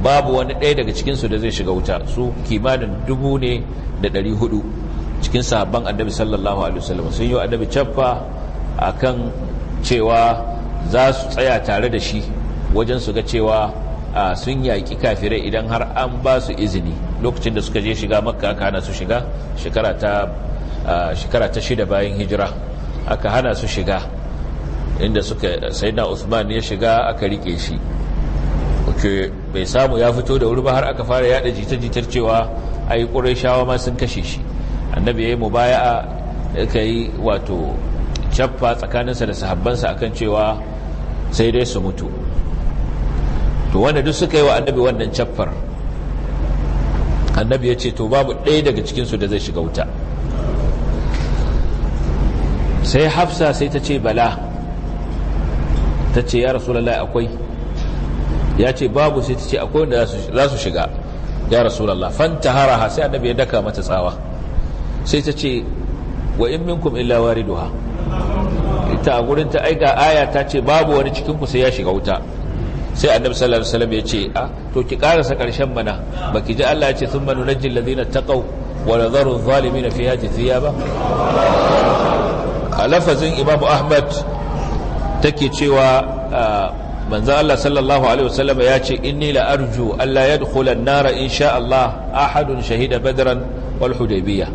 babu wani ɗaya daga cikinsu da zai shiga wuta su kimanin dubu ne da ɗari hudu cikin sahabban annabi sallallahu alaihi wasallam sun yi wa annabi cappa kan cewa za su tsaya tare da shi wajen su ga cewa sun yaƙi kafirai idan har an ba su izini lokacin da suka je shiga makka aka hana su shiga shekara ta shida bayan hijira aka hana su shiga inda suka sai na Usman ya shiga aka rike shi ke bai samu ya fito da wuri ba har aka fara yada jita-jitar cewa ai shawa ma sun kashe shi annabi yayi a aka yi wato chaffa tsakaninsa da sahabbansa akan cewa sai dai su mutu to wanda duk suka yi wa annabi wannan caffar annabi ya ce to babu ɗaya daga cikinsu da zai shiga wuta sai hafsa sai ta ce bala ta ce ya rasu lallai akwai ya ce babu sai ta ce akwai wanda za su shiga ya rasu lallai fanta haraha sai annabi ya daka mata tsawa sai ta ce wa in minkum illa wariduha ita a gurin ta aika aya ta ce babu wani cikinku sai ya shiga wuta sai annabi sallallahu alaihi wasallam ya ce a ah, to ki karasa karshen mana baki ji Allah ya ce thumma nunajjil ladina taqaw wa nadharu adh-dhalimin fiha jithiya ba a ibabu ahmad take cewa ah, manzo Allah sallallahu alaihi wasallam ya ce inni la arju alla yadkhula an-nara insha Allah ahadun shahida badran wal hudaybiyah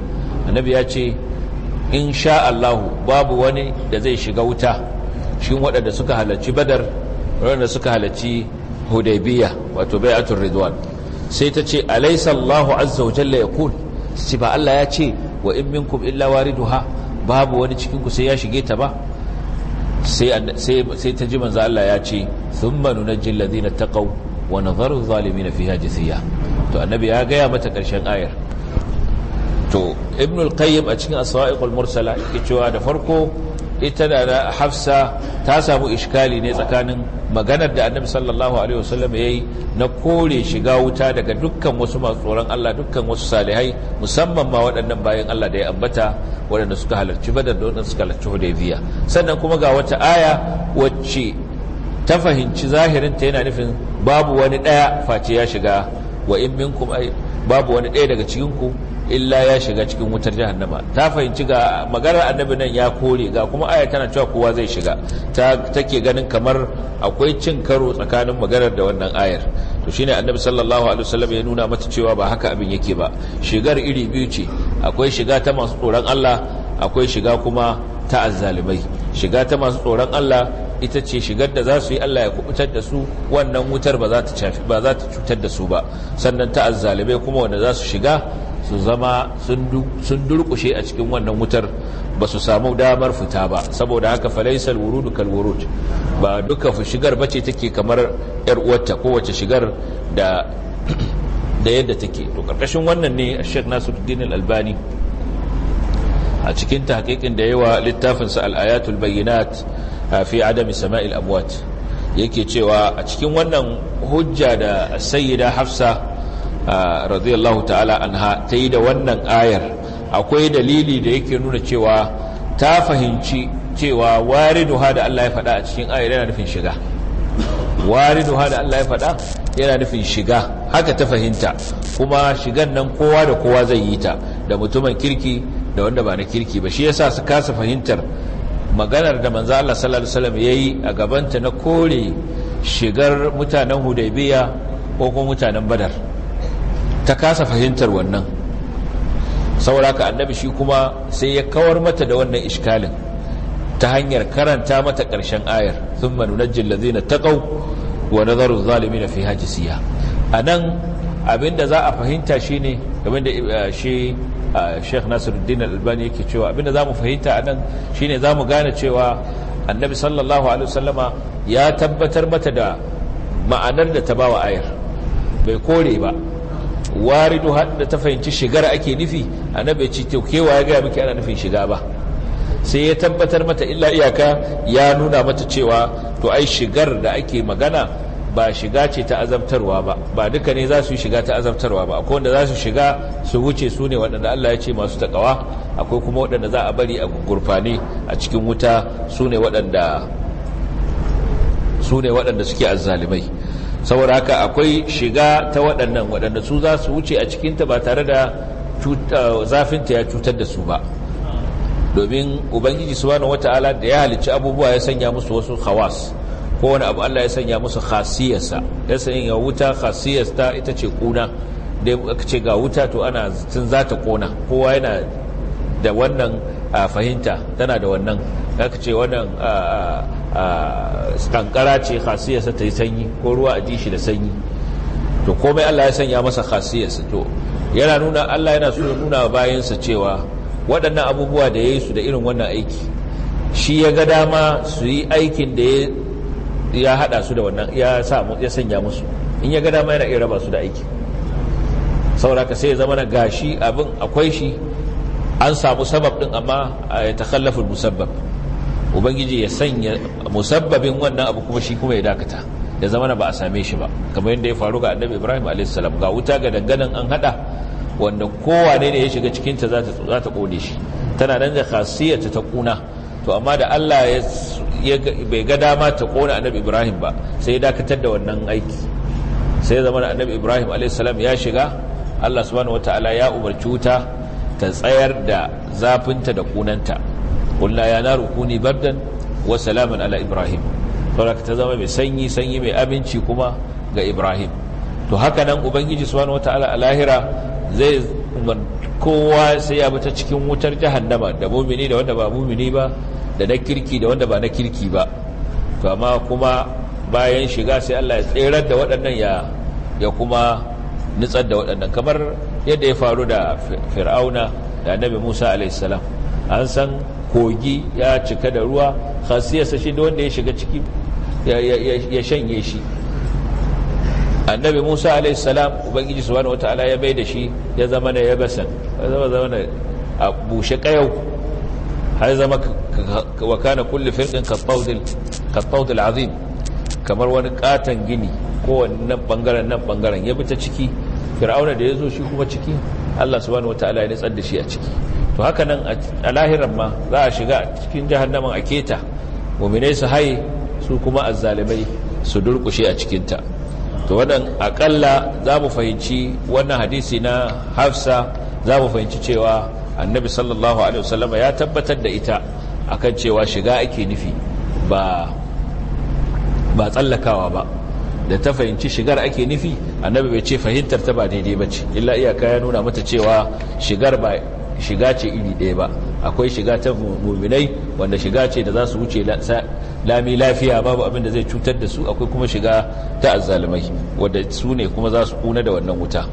annabi ya ce insha Allah babu wani da zai shiga wuta cikin waɗanda suka halarci badar waɗanda suka halarci hudaybiya wato bai'atul ridwan sai ta ce alaysa Allahu azza wa jalla yaqul ba Allah ya ce wa in minkum illa wariduha babu wani cikin ku sai ya shige ta ba sai ta ji manzo Allah ya ce thumma nunajjil ladina taqaw wa nadharu zalimin fiha jithiya to annabi ya gaya mata karshen ayar to ibnul qayyim a cikin as mursala yake cewa da farko ita da hafsa ta samu ishkali ne tsakanin maganar da annabi sallallahu alaihi wasallam yayi na kore shiga wuta daga dukkan wasu masu tsoron Allah dukkan wasu salihai musamman ma waɗannan bayan Allah da ya ambata waɗanda suka halarci badar da waɗanda suka halarci hudaybiya sannan kuma ga wata aya wacce ta fahimci zahirin ta yana nufin babu wani ɗaya face ya shiga wa in minkum babu wani ɗaya daga cikin ku illa ya shiga cikin wutar jahannama ta fahimci ga maganar annabi nan ya kore ga kuma aya tana cewa kowa zai shiga ta take ganin kamar akwai cin karo tsakanin maganar da wannan ayar to shine annabi sallallahu alaihi wasallam ya nuna mata cewa ba haka abin yake ba shigar iri biyu ce akwai shiga ta masu tsoron Allah akwai shiga kuma ta azzalimai shiga ta masu tsoron Allah ita ce shigar da za su yi Allah ya kubutar da su wannan wutar ba za ta cutar da su ba sannan ta azzalimai kuma wanda za su shiga su zama sun durkushe a cikin wannan wutar ba su samu damar fita ba saboda haka falaisal wurudu kalwurud ba duka shigar bace take kamar yar uwarta kowace shigar da da yadda take to karkashin wannan ne Sheikh Nasiruddin Al-Albani a cikin tahqiqin da yawa littafin sa al-ayatul bayyinat fi adami sama'il amwat yake cewa a cikin wannan hujja da sayyida Hafsa radiyallahu ta'ala anha ta yi da wannan ayar akwai dalili da yake nuna cewa ta fahimci cewa wari duha da Allah ya faɗa a cikin ayar yana nufin shiga Wari duha da Allah ya faɗa yana nufin shiga haka ta fahimta kuma shigan nan kowa da kowa zai yi ta da mutumin kirki da wanda ba na kirki ba shi yasa su kasa fahimtar maganar da manzo Allah sallallahu alaihi wasallam yayi a ta na kore shigar mutanen Hudaybiya ko kuma mutanen Badar ta kasa fahimtar wannan saboda annabi shi kuma sai ya kawar mata da wannan ishkalin ta hanyar karanta mata ƙarshen ayar sun manunajin lazina ta ƙau wa nazaru zalimi na fi hajisiya a nan abinda za a fahimta shi ne abinda eh, shi eh, sheikh nasiruddin albani yake cewa abinda za mu fahimta a nan shi ne za mu gane cewa annabi sallallahu alaihi wasallama ya tabbatar mata da ma'anar da ta bawa ayar bai kore ba Wari waridu da ta fahimci shigar ake nufi annabi ce to kewa ya gaya miki ana nufin shiga ba sai ya tabbatar mata illa iyaka ya nuna mata cewa to ai shigar da ake magana ba shiga ce ta azabtarwa ba ba duka ne za su yi shiga ta azabtarwa ba akwai wanda za su shiga su wuce su ne waɗanda Allah ya ce masu takawa akwai kuma waɗanda za a bari a gurfane a cikin wuta su ne waɗanda su ne waɗanda suke azzalimai saboda haka akwai shiga ta waɗannan waɗanda su za su wuce a cikin ta ba tare da uh, zafinta ya cutar da su ba domin ubangiji su wata ala da ya halicci abubuwa ya sanya musu wasu khawas wani abu Allah ya sanya musu khasiyarsa ya sanya wuta khasiyarsa ita ce kuna da aka ce ga wuta to ana tun za ta kona kowa yana da wannan uh, fahimta tana da wannan aka ce wannan uh, kankara ce khasiyarsa ta yi sanyi ko ruwa a da sanyi to komai Allah ya sanya masa khasiyarsa to yana nuna Allah yana so nuna bayansa cewa waɗannan abubuwa da ya yi su da irin wannan aiki shi ya ga dama su yi aikin da ya haɗa su da wannan ya sanya musu in ya ga dama yana iya raba su da aiki sauraka sai ya zama na gashi abin akwai shi an samu sabab ɗin amma ya eh, takallafin musabbab ubangiji ya sanya musabbabin wannan abu kuma shi kuma ya dakata ya zama ba a same shi ba kamar yadda ya faru ga annabi ibrahim a.s. ga wuta ga danganan an hada wanda kowane ne ya shiga cikinta za ta kone shi tana nan da khasiyarta ta kuna to amma da allah bai ga dama ta kona annabi ibrahim ba sai ya dakatar da wannan aiki sai ya zama da annabi ibrahim a.s. ya shiga allah subhanahu wataala ya umarci wuta ta tsayar da zafinta da kunanta qulna ya naru kuni bardan wa salaman ala ibrahim saboda ta zama mai sanyi sanyi mai aminci kuma ga ibrahim to haka nan ubangiji subhanahu wataala a lahira zai kowa sai ya ta cikin wutar jahannama da mumini da wanda ba mumini ba da na kirki da wanda ba na kirki ba to amma kuma bayan shiga sai Allah ya tserar da waɗannan ya ya kuma nutsar da waɗannan kamar yadda ya faru da fir'auna da annabi Musa alaihi salam an san kogi ya cika da ruwa khasiyarsa shi da wanda ya shiga ciki ya shanye shi annabi musa alaihissalam ubangiji su ala ya bai da shi ya zama na yabasan ya zama zama na a bushe kayau har zama wakana kulle firɗin kattaudil azim kamar wani katon gini kowannan ɓangaren nan bangaren ya bi ta ciki fir'auna da ya zo shi kuma ciki allah wata ala ya nitsar da shi a ciki to haka nan a lahiran ma za a shiga cikin jahannaman a keta muminai su haye su kuma azzalimai su durkushe a cikinta to wannan akalla za mu fahimci wannan hadisi na hafsa za mu fahimci cewa annabi sallallahu alaihi wasallama ya tabbatar da ita akan cewa shiga ake nufi ba ba tsallakawa ba da ta fahimci shigar ake nufi annabi bai ce fahimtar ta ba daidai ba ce illa iyaka ya nuna mata cewa shigar ba shiga ce iri ɗaya ba akwai shiga ta muminai wanda shiga ce da za su wuce lami lafiya babu abin da zai cutar da su akwai kuma shiga ta azzalumai wadda su ne kuma za su kuna da wannan wuta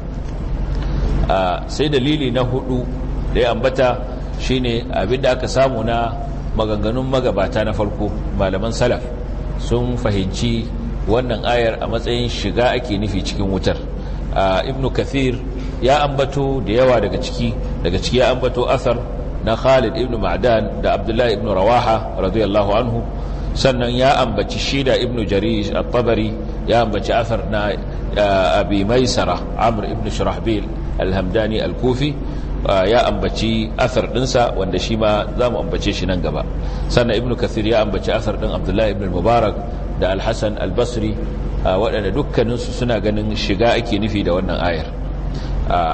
sai dalili na hudu da ya ambata shine abin da aka samu na maganganun magabata na farko malaman salaf sun fahimci wannan ayar a matsayin shiga ake nufi cikin wutar ibn kathir ya ambato da yawa daga ciki daga ciki ya ambato asar na khalid ibn ma'dan da abdullahi ibn rawaha radiyallahu anhu sannan ya ambaci shida ibn jarir at-tabari ya ambaci asar na abi maisara amr ibn shurahbil al-hamdani al-kufi ya ambaci asar dinsa wanda shi ma za mu ambace shi nan gaba sannan ibn kasir ya ambaci asar din abdullahi ibn mubarak da alhassan albasri waɗanda dukkaninsu suna ganin shiga ake nufi da wannan ayar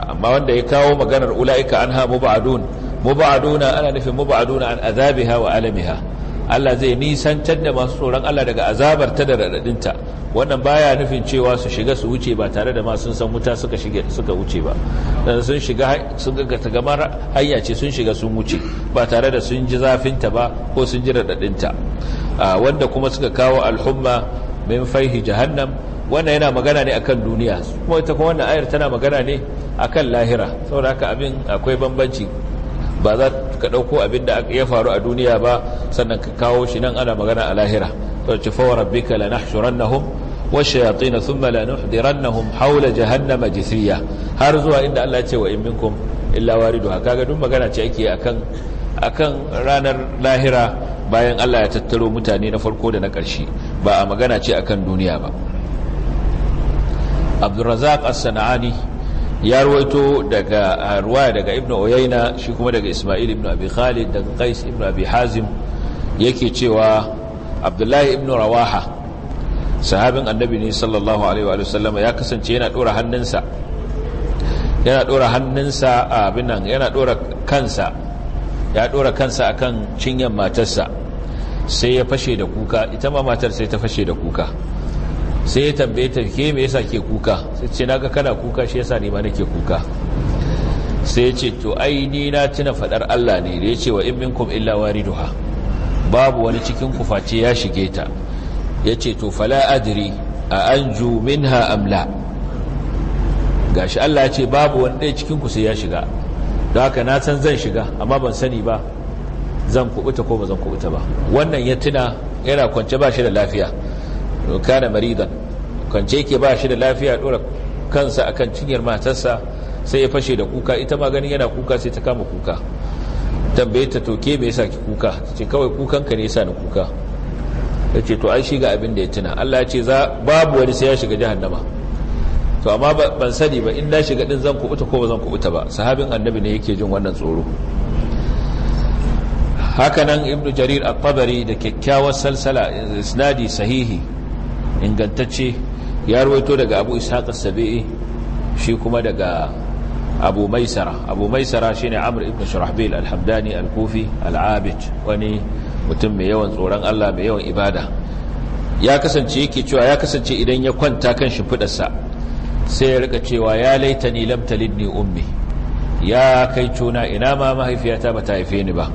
amma wanda ya kawo maganar ula'ika an ha muba'adun muba'aduna ana nufin muba'aduna an azabiha wa alamiha Allah zai nisantar da masu tsoron Allah daga azabar ta da raɗaɗinta wannan baya nufin cewa su shiga su wuce ba tare da ma san wuta suka wuce ba dan sun shiga sun ga gamar hanya ce sun shiga sun wuce ba tare da sun ji zafinta ba ko sun ji raɗaɗinta wanda kuma suka kawo alhumma min faihi jahannam wannan yana magana ne akan duniya kuma ita kuma wannan ayar tana magana ne akan lahira saboda haka abin akwai bambanci ba za ka ɗauko abin da ya faru a duniya ba sannan ka kawo shi nan ana magana a lahira to ci fawar rabbika la nahshurannahum wa shayatin thumma la nuhdirannahum jahannama har zuwa inda Allah yace ce wa in illa wariduha kaga duk magana ce ake akan akan ranar lahira bayan Allah ya tattaro mutane na farko da na ƙarshe ba a magana ce akan duniya ba Abdulrazak As-Sana'ani ya ruwaito daga ruwaya daga ibn uyayna shi kuma daga isma'il ibn abi khalid daga qais ibn abi hazim yake cewa abdullahi ibn rawaha sahabin annabi ne sallallahu alaihi wa sallam ya kasance yana dora hannunsa yana dora hannunsa abin nan yana dora kansa ya dora kansa akan cinyan matarsa sai ya fashe da kuka ita ma matar sai ta fashe da kuka sai ya tambaye ta ke me yasa ke kuka sai ce naga kana kuka shi yasa ni ma nake kuka sai ya ce to ai ni na tuna fadar Allah ne da ya ce wa in minkum illa wariduha babu wani cikin ku face ya shige ta ya ce to fala adri a anju minha amla gashi Allah ya ce babu wani daya cikin ku sai ya shiga don haka na san zan shiga amma ban sani ba zan kubuta ko ba zan kubuta ba wannan ya tuna yana kwance ba shi da lafiya kana maridan kwance yake ba shi da lafiya dora kansa akan cinyar matarsa sai ya fashe da kuka ita ma ganin yana kuka sai ta kama kuka tambaye ta toke me yasa ki kuka ce kawai kukanka ne yasa ni kuka yace to ai shi ga abin da ya tuna Allah ya ce za babu wani sai ya shiga jahannama to amma ban sani ba in na shiga din zan kubuta ko ba zan kubuta ba sahabin annabi ne yake jin wannan tsoro hakanan ibnu jarir at-tabari da kyakkyawar salsala isnadi sahihi ingantacce ya ruwaito daga abu ishaq sabii shi kuma daga abu maisara abu maisara shi ne amur ibn shirahbil al-hamdani al-kufi wani mutum mai yawan tsoron Allah mai yawan ibada ya kasance yake cewa ya kasance idan ya kwanta kan shi shimfidarsa sai ya rika cewa ya laita ni lamtalin ni ummi ya kai cuna ina ma mahaifiyata ba ta haife ni ba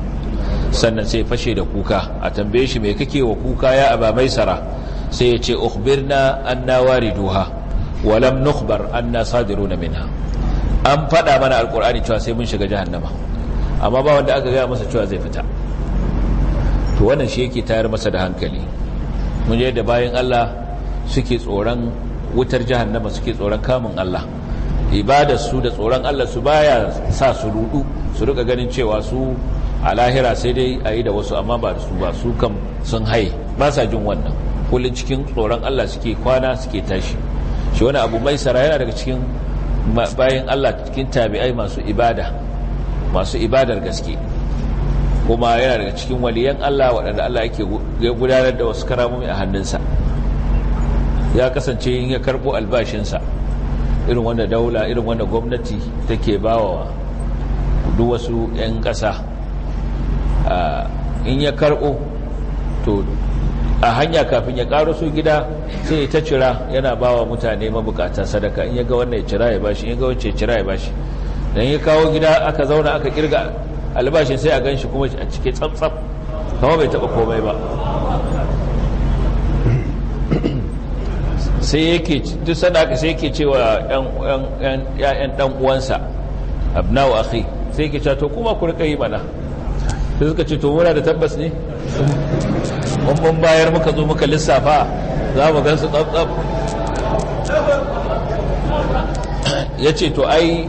sannan sai fashe da kuka a tambaye shi mai kake wa kuka ya aba maisara sai ya ce ukhbirna anna wariduha doha walam nukhbar anna sadiruna minha an fada mana alqur'ani cewa sai mun shiga jahannama amma ba wanda aka gaya masa cewa zai fita to wannan shi yake tayar masa da hankali mun je da bayan Allah suke tsoron wutar jahannama suke tsoron kamun Allah ibadar su da tsoron Allah su baya sa su rudu su rika ganin cewa su a lahira sai dai a yi da wasu amma ba da su ba su kam sun haye ba sa jin wannan kullum cikin tsoron Allah suke kwana suke tashi shi wani abu mai sara yana daga cikin bayan Allah cikin tabi'ai masu ibada masu ibadar gaske kuma yana daga cikin waliyan Allah waɗanda Allah yake gudanar da wasu karamomi a hannunsa ya kasance in ya karɓo albashinsa irin wanda daula irin wanda gwamnati take bawawa duk wasu 'yan ƙasa in ya karɓo to a hanya kafin ya su gida sai ta cira yana bawa mutane mabukata sadaka in ya ga wannan ya cira ya bashi in ya ga wancan ya cira ya bashi don ya kawo gida aka zauna aka kirga albashin sai a ganshi kuma a cike tsamtsam kama bai taba komai ba sai yake duk sadaka sai yake cewa yan yan dan uwansa abnau akhi sai yake cewa to kuma ku rika yi mana sai suka ce to muna da tabbas ne mun bayar muka zo muka lissafa za mu gansu tsabtsab ya ce to ai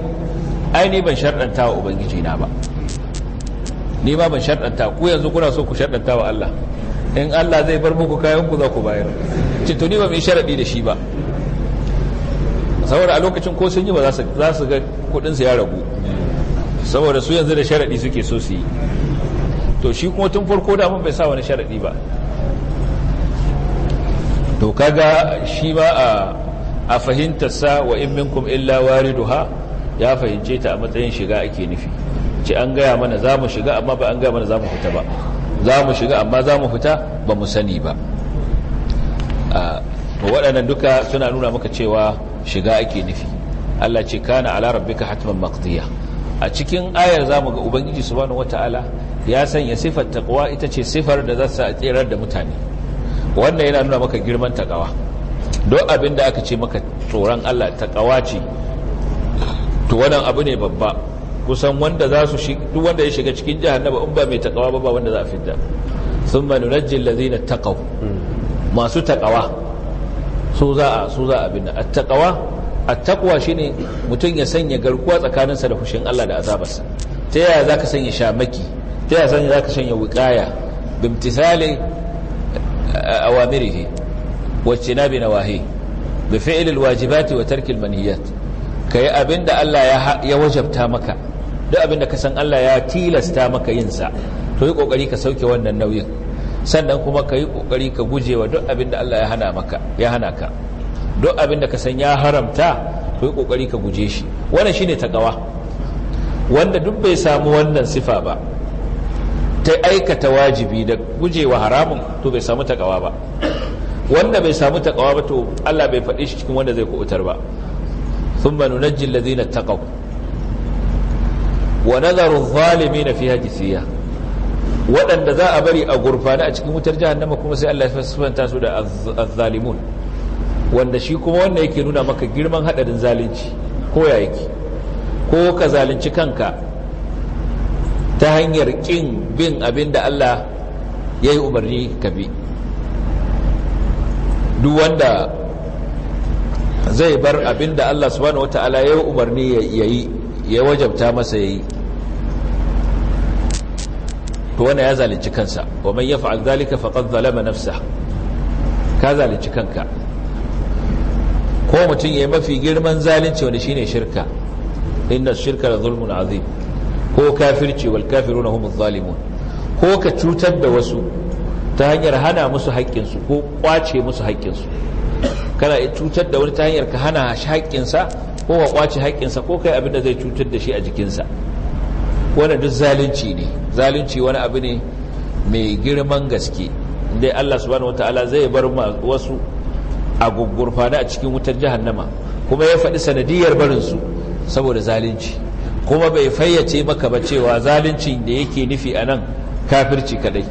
ai ni ban sharɗanta wa ubangiji na ba ni ma ban sharɗanta ku yanzu kuna so ku sharɗanta wa Allah in Allah zai bar muku kayan ku za ku bayar ce to ni ba mai sharaɗi da shi ba saboda a lokacin ko sun yi ba za su ga kudinsu ya ragu saboda su yanzu da sharaɗi suke so su yi to shi kuma tun farko da mun bai sa wani sharaɗi ba to kaga shi ba a fahimtarsa wa in minkum illa wariduha ya fahimce ta a matsayin shiga ake nufi ce an gaya mana za mu shiga amma ba an gaya mana za mu fita ba za mu shiga amma za mu fita ba mu sani ba waɗannan duka suna nuna maka cewa shiga ake nufi Allah ce kana ala rabbika hatman maqdiya a cikin ayar za mu ga ubangiji subhanahu wataala ya sanya sifar taqwa ita ce sifar da za ta tsirar da mutane wannan yana nuna maka girman takawa don abin da aka ce maka tsoron Allah takawa ce to wannan abu ne babba kusan wanda za su duk wanda ya shiga cikin jahannama in ba mai takawa ba ba wanda za a fidda sun ma jilla zina taqaw masu takawa su za a su za a bin a taqawa shi ne mutum ya sanya garkuwa tsakaninsa da fushin Allah da azabarsa ta yaya za ka sanya shamaki ta yaya za ka sanya wuƙaya bimtisali awamirihi wajtinabi nawahi bi fi'l alwajibati wa tarki almanhiyat kai abinda Allah ya wajabta maka duk abinda ka san Allah ya tilasta maka yin sa to yi kokari ka sauke wannan nauyin sannan kuma ka yi kokari ka gujewa duk abinda Allah ya hana ka duk abinda ka san ya haramta to yi kokari ka guje shi wannan shine takawa wanda duk bai samu wannan sifa ba ta aikata wajibi da gujewa haramun to bai samu takawa ba wanda bai samu takawa ba to Allah bai faɗi shi cikin wanda zai kubutar ba thumma nunajji na taqaw wa nadharu adh-dhalimin fiha jithiya waɗanda za a bari a gurfani a cikin wutar jahannama kuma sai Allah ya sifanta su da adh wanda shi kuma wanda yake nuna maka girman hadarin zalunci ko ya yake ko ka zalunci kanka ta hanyar ƙin bin abin da Allah ya yi umarni ka bi duk wanda zai bar abin da Allah subhanahu wata'ala ya yi umarni ya yi ya wajabta masa ya yi to wanda ya zalunci kansa wa man yaf'al dhalika faqad zalama nafsa ka zalunci kanka ko mutum ya yi mafi girman zalunci wani shine shirka inna shirka da zulmun azim ko kafirci wal kafiruna hum zalimun ko ka cutar da wasu ta hanyar hana musu haƙƙinsu ko kwace musu haƙƙinsu kana cutar da wani ta hanyar ka hana shi haƙƙinsa ko ka kwace haƙƙinsa ko kai abin da zai cutar da shi a jikinsa wannan duk zalunci ne zalunci wani abu ne mai girman gaske dai Allah subhanahu wataala zai bar wasu a gurfana a cikin wutar jahannama kuma ya faɗi sanadiyar barinsu saboda zalunci kuma bai fayyace maka ba cewa zalunci da yake nufi a nan kafirci kadai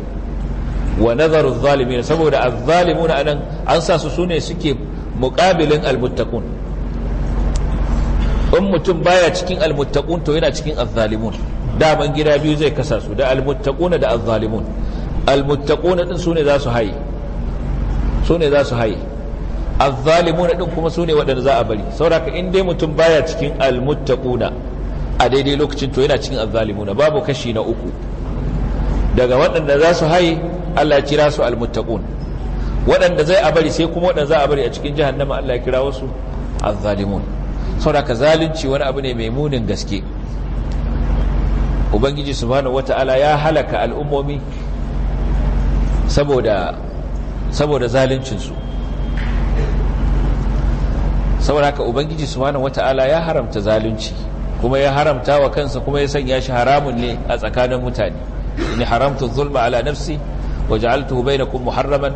wa nazaru zalimin saboda azzalimuna anan an sa su sune suke muqabilin almuttaqun in mutum baya cikin almuttaqun to yana cikin azzalimun daman gida biyu zai kasa su da almuttaƙuna da azzalimun almuttaquna din sune za su haye sune za su haye azzalimuna din kuma sune waɗanda za a bari saboda in dai mutum baya cikin almuttaƙuna. a daidai lokacin to yana cikin azzalimuna babu kashi na uku daga waɗanda za su haye Allah ya kira su almuttaqun waɗanda zai a bari sai kuma waɗanda za a bari a cikin jahannama Allah ya kira wasu azzalimun saboda zalunci wani abu ne mai munin gaske ubangiji subhanahu wata'ala ya halaka al'ummomi saboda saboda zaluncinsu saboda haka ubangiji subhanahu wata'ala ya haramta zalunci kuma ya haramta wa kansa kuma ya sanya shi haramun ne a tsakanin mutane ni haramtu zulma ala nafsi wa ja'altuhu bainakum muharraman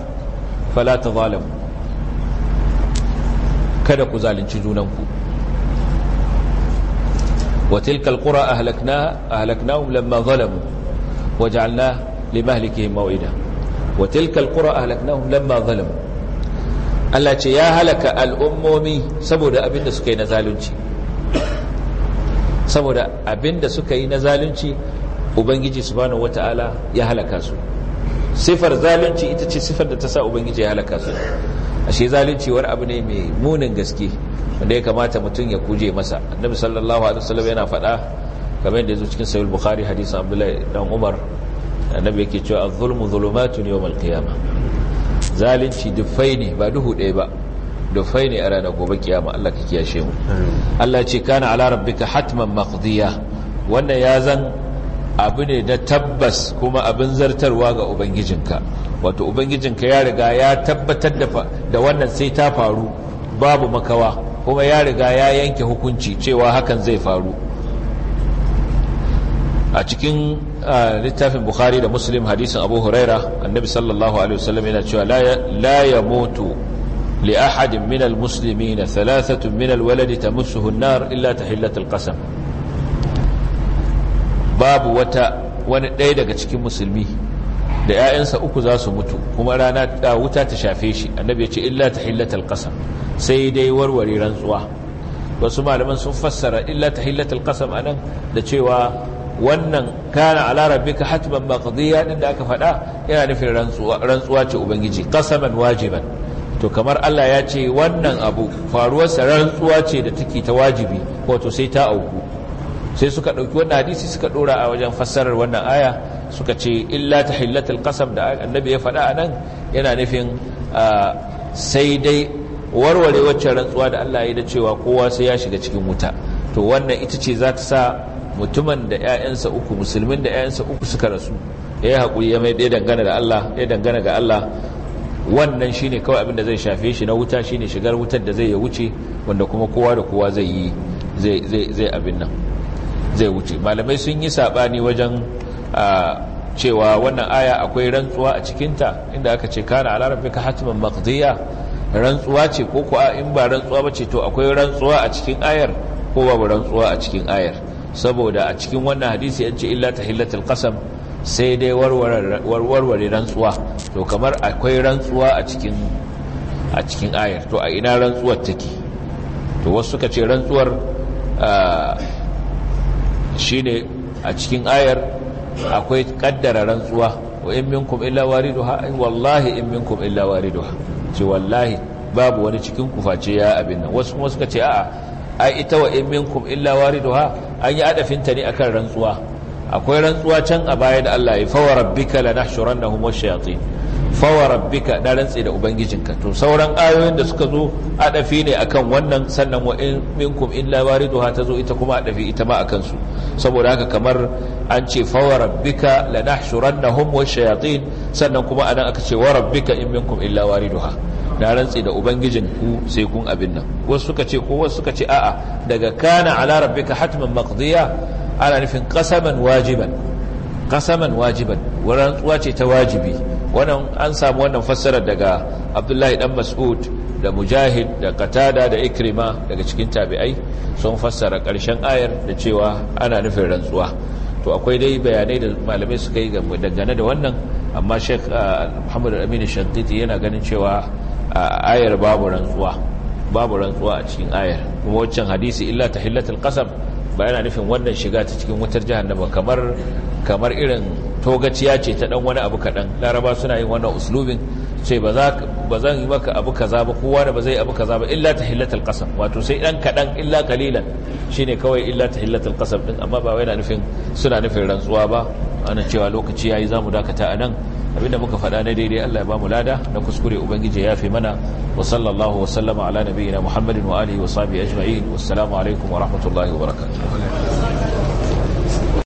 fala tadhalamu kada ku zalunci junanku wa tilka alqura ahlakna ahlaknahum lamma zalamu wa ja'alna limahlikihim maw'ida wa tilka alqura ahlaknahum lamma zalamu Allah ce ya halaka al'ummomi saboda abin da suka yi na zalunci saboda abinda suka yi na zalunci ubangiji subhanahu wata'ala ya halaka su sifar zalunci ita ce sifar da ta sa ubangiji ya halaka su ashe zalunci wani abu ne mai munin gaske wanda ya kamata mutum ya kuje masa annabi sallallahu alaihi wasallam yana faɗa kamar yadda yazo cikin sahih bukhari hadisin abdullahi dan umar annabi yake cewa az-zulmu zulumatun yawm al-qiyamah zalunci dufai ne ba duhu ɗaya ba dufai ne a rana gobe kiyama Allah ka kiyashe mu Allah ce kana ala rabbika hatman maqdiya wannan ya zan abu ne da tabbas kuma abin zartarwa ga ubangijinka wato ubangijinka ya riga ya tabbatar da da wannan sai ta faru babu makawa kuma ya riga ya yanke hukunci cewa hakan zai faru a cikin littafin bukhari da muslim hadisin abu huraira annabi sallallahu alaihi wasallam yana cewa la ya mutu لأحد من المسلمين ثلاثة من الولد تمسه النار إلا تحلة القسم باب وتا wani ɗaya daga cikin musulmi da 'ya'yansa uku za su mutu kuma rana wuta ta shafe shi annabi ya ce illa ta hillatal ƙasam sai dai warware rantsuwa wasu malaman sun fassara illa ta hillatal ƙasam a da cewa wannan kana a larabe ka hatman maƙadiyya ɗin da aka faɗa yana nufin rantsuwa ce ubangiji ƙasaman wajiban to kamar Allah ya ce wannan abu faruwar rantsuwa ce da take ta wajibi wato sai ta auku sai suka ɗauki wannan hadisi suka ɗora a wajen fassarar wannan aya suka ce illa ta hillatul qasam da annabi ya faɗa anan yana nufin sai dai warware waccan rantsuwa da Allah ya da cewa kowa sai ya shiga cikin wuta to wannan ita ce za ta sa mutumin da 'ya'yansa uku musulmin da 'ya'yansa uku suka rasu ya yi haƙuri ya mai ɗaya dangana da Allah ya dangana ga Allah wannan shine kawai abin da zai shafe shi na wuta shine shigar wutar da zai ya wuce wanda kuma kowa da kowa zai yi zai abin nan zai wuce malamai sun yi sabani wajen cewa wannan aya akwai rantsuwa a cikinta inda aka ce kana ala ka hatiman maqdiya rantsuwa ce ko ko in ba rantsuwa bace to akwai rantsuwa a cikin ayar ko babu rantsuwa a cikin ayar saboda a cikin wannan hadisi an ce illa tahillatul qasam sai dai warware rantsuwa to kamar akwai rantsuwa a cikin ayar to a ina rantsuwar take to wasu suka ce rantsuwar shi ne a cikin ayar akwai kaddara rantsuwa wa in minkum illa ha? wallahi in minkum illa ha? ce wallahi babu wani cikin kuface ya abin nan wasu kuma suka ce a'a ai ita wa in minkum illa ha? an yi adafinta ne akan rantsuwa akwai rantsuwa can a baya da Allah ya fawa rabbika lanahshurannahum wash-shayatin fawa rabbika da rantsi da ubangijinka to sauran ayoyin da suka zo a dafi ne akan wannan sannan wa in minkum illa ta zo ita kuma a dafi ita ma akan su saboda haka kamar an ce fawa rabbika lanahshurannahum wash-shayatin sannan kuma anan aka ce wa rabbika in minkum illa wariduha da rantsi da ubangijin ku sai kun abin nan wasu suka ce ko wasu suka ce a'a daga kana ala rabbika hatman maqdiya ana nufin kasaman wajiban kasaman wajiban wurin rantsuwa ce ta wajibi wannan an samu wannan fassara daga Abdullahi dan Mas'ud da Mujahid da Katada da Ikrima daga cikin tabi'ai sun fassara karshen ayar da cewa ana nufin rantsuwa to akwai dai bayanai da malamai suka yi dangane da wannan amma shek ah, Muhammad Aminu Shantiti yana ganin cewa ah, ayar babu rantsuwa babu rantsuwa a cikin ayar kuma waccan hadisi illa ta tahillatul qasam ba yana nufin wannan shiga ta cikin wutar jahannama kamar kamar irin togaciya ce ta dan wani abu kadan laraba suna yin wannan uslubin sai ba zan yi maka abu kaza ba kowa da ba zai abu kaza ba illa tahillatul qasam wato sai dan kadan illa shi shine kawai illa tahillatul qasam din amma ba wai na nufin suna nufin rantsuwa ba ana cewa lokaci yayi zamu dakata anan abinda muka faɗa na daidai Allah ya bamu lada na kuskure ubangiji ya fi mana wa sallallahu wa sallama ala nabiyyina muhammadin wa alihi wa sahbihi ajma'in wassalamu alaikum wa rahmatullahi wa barakatuh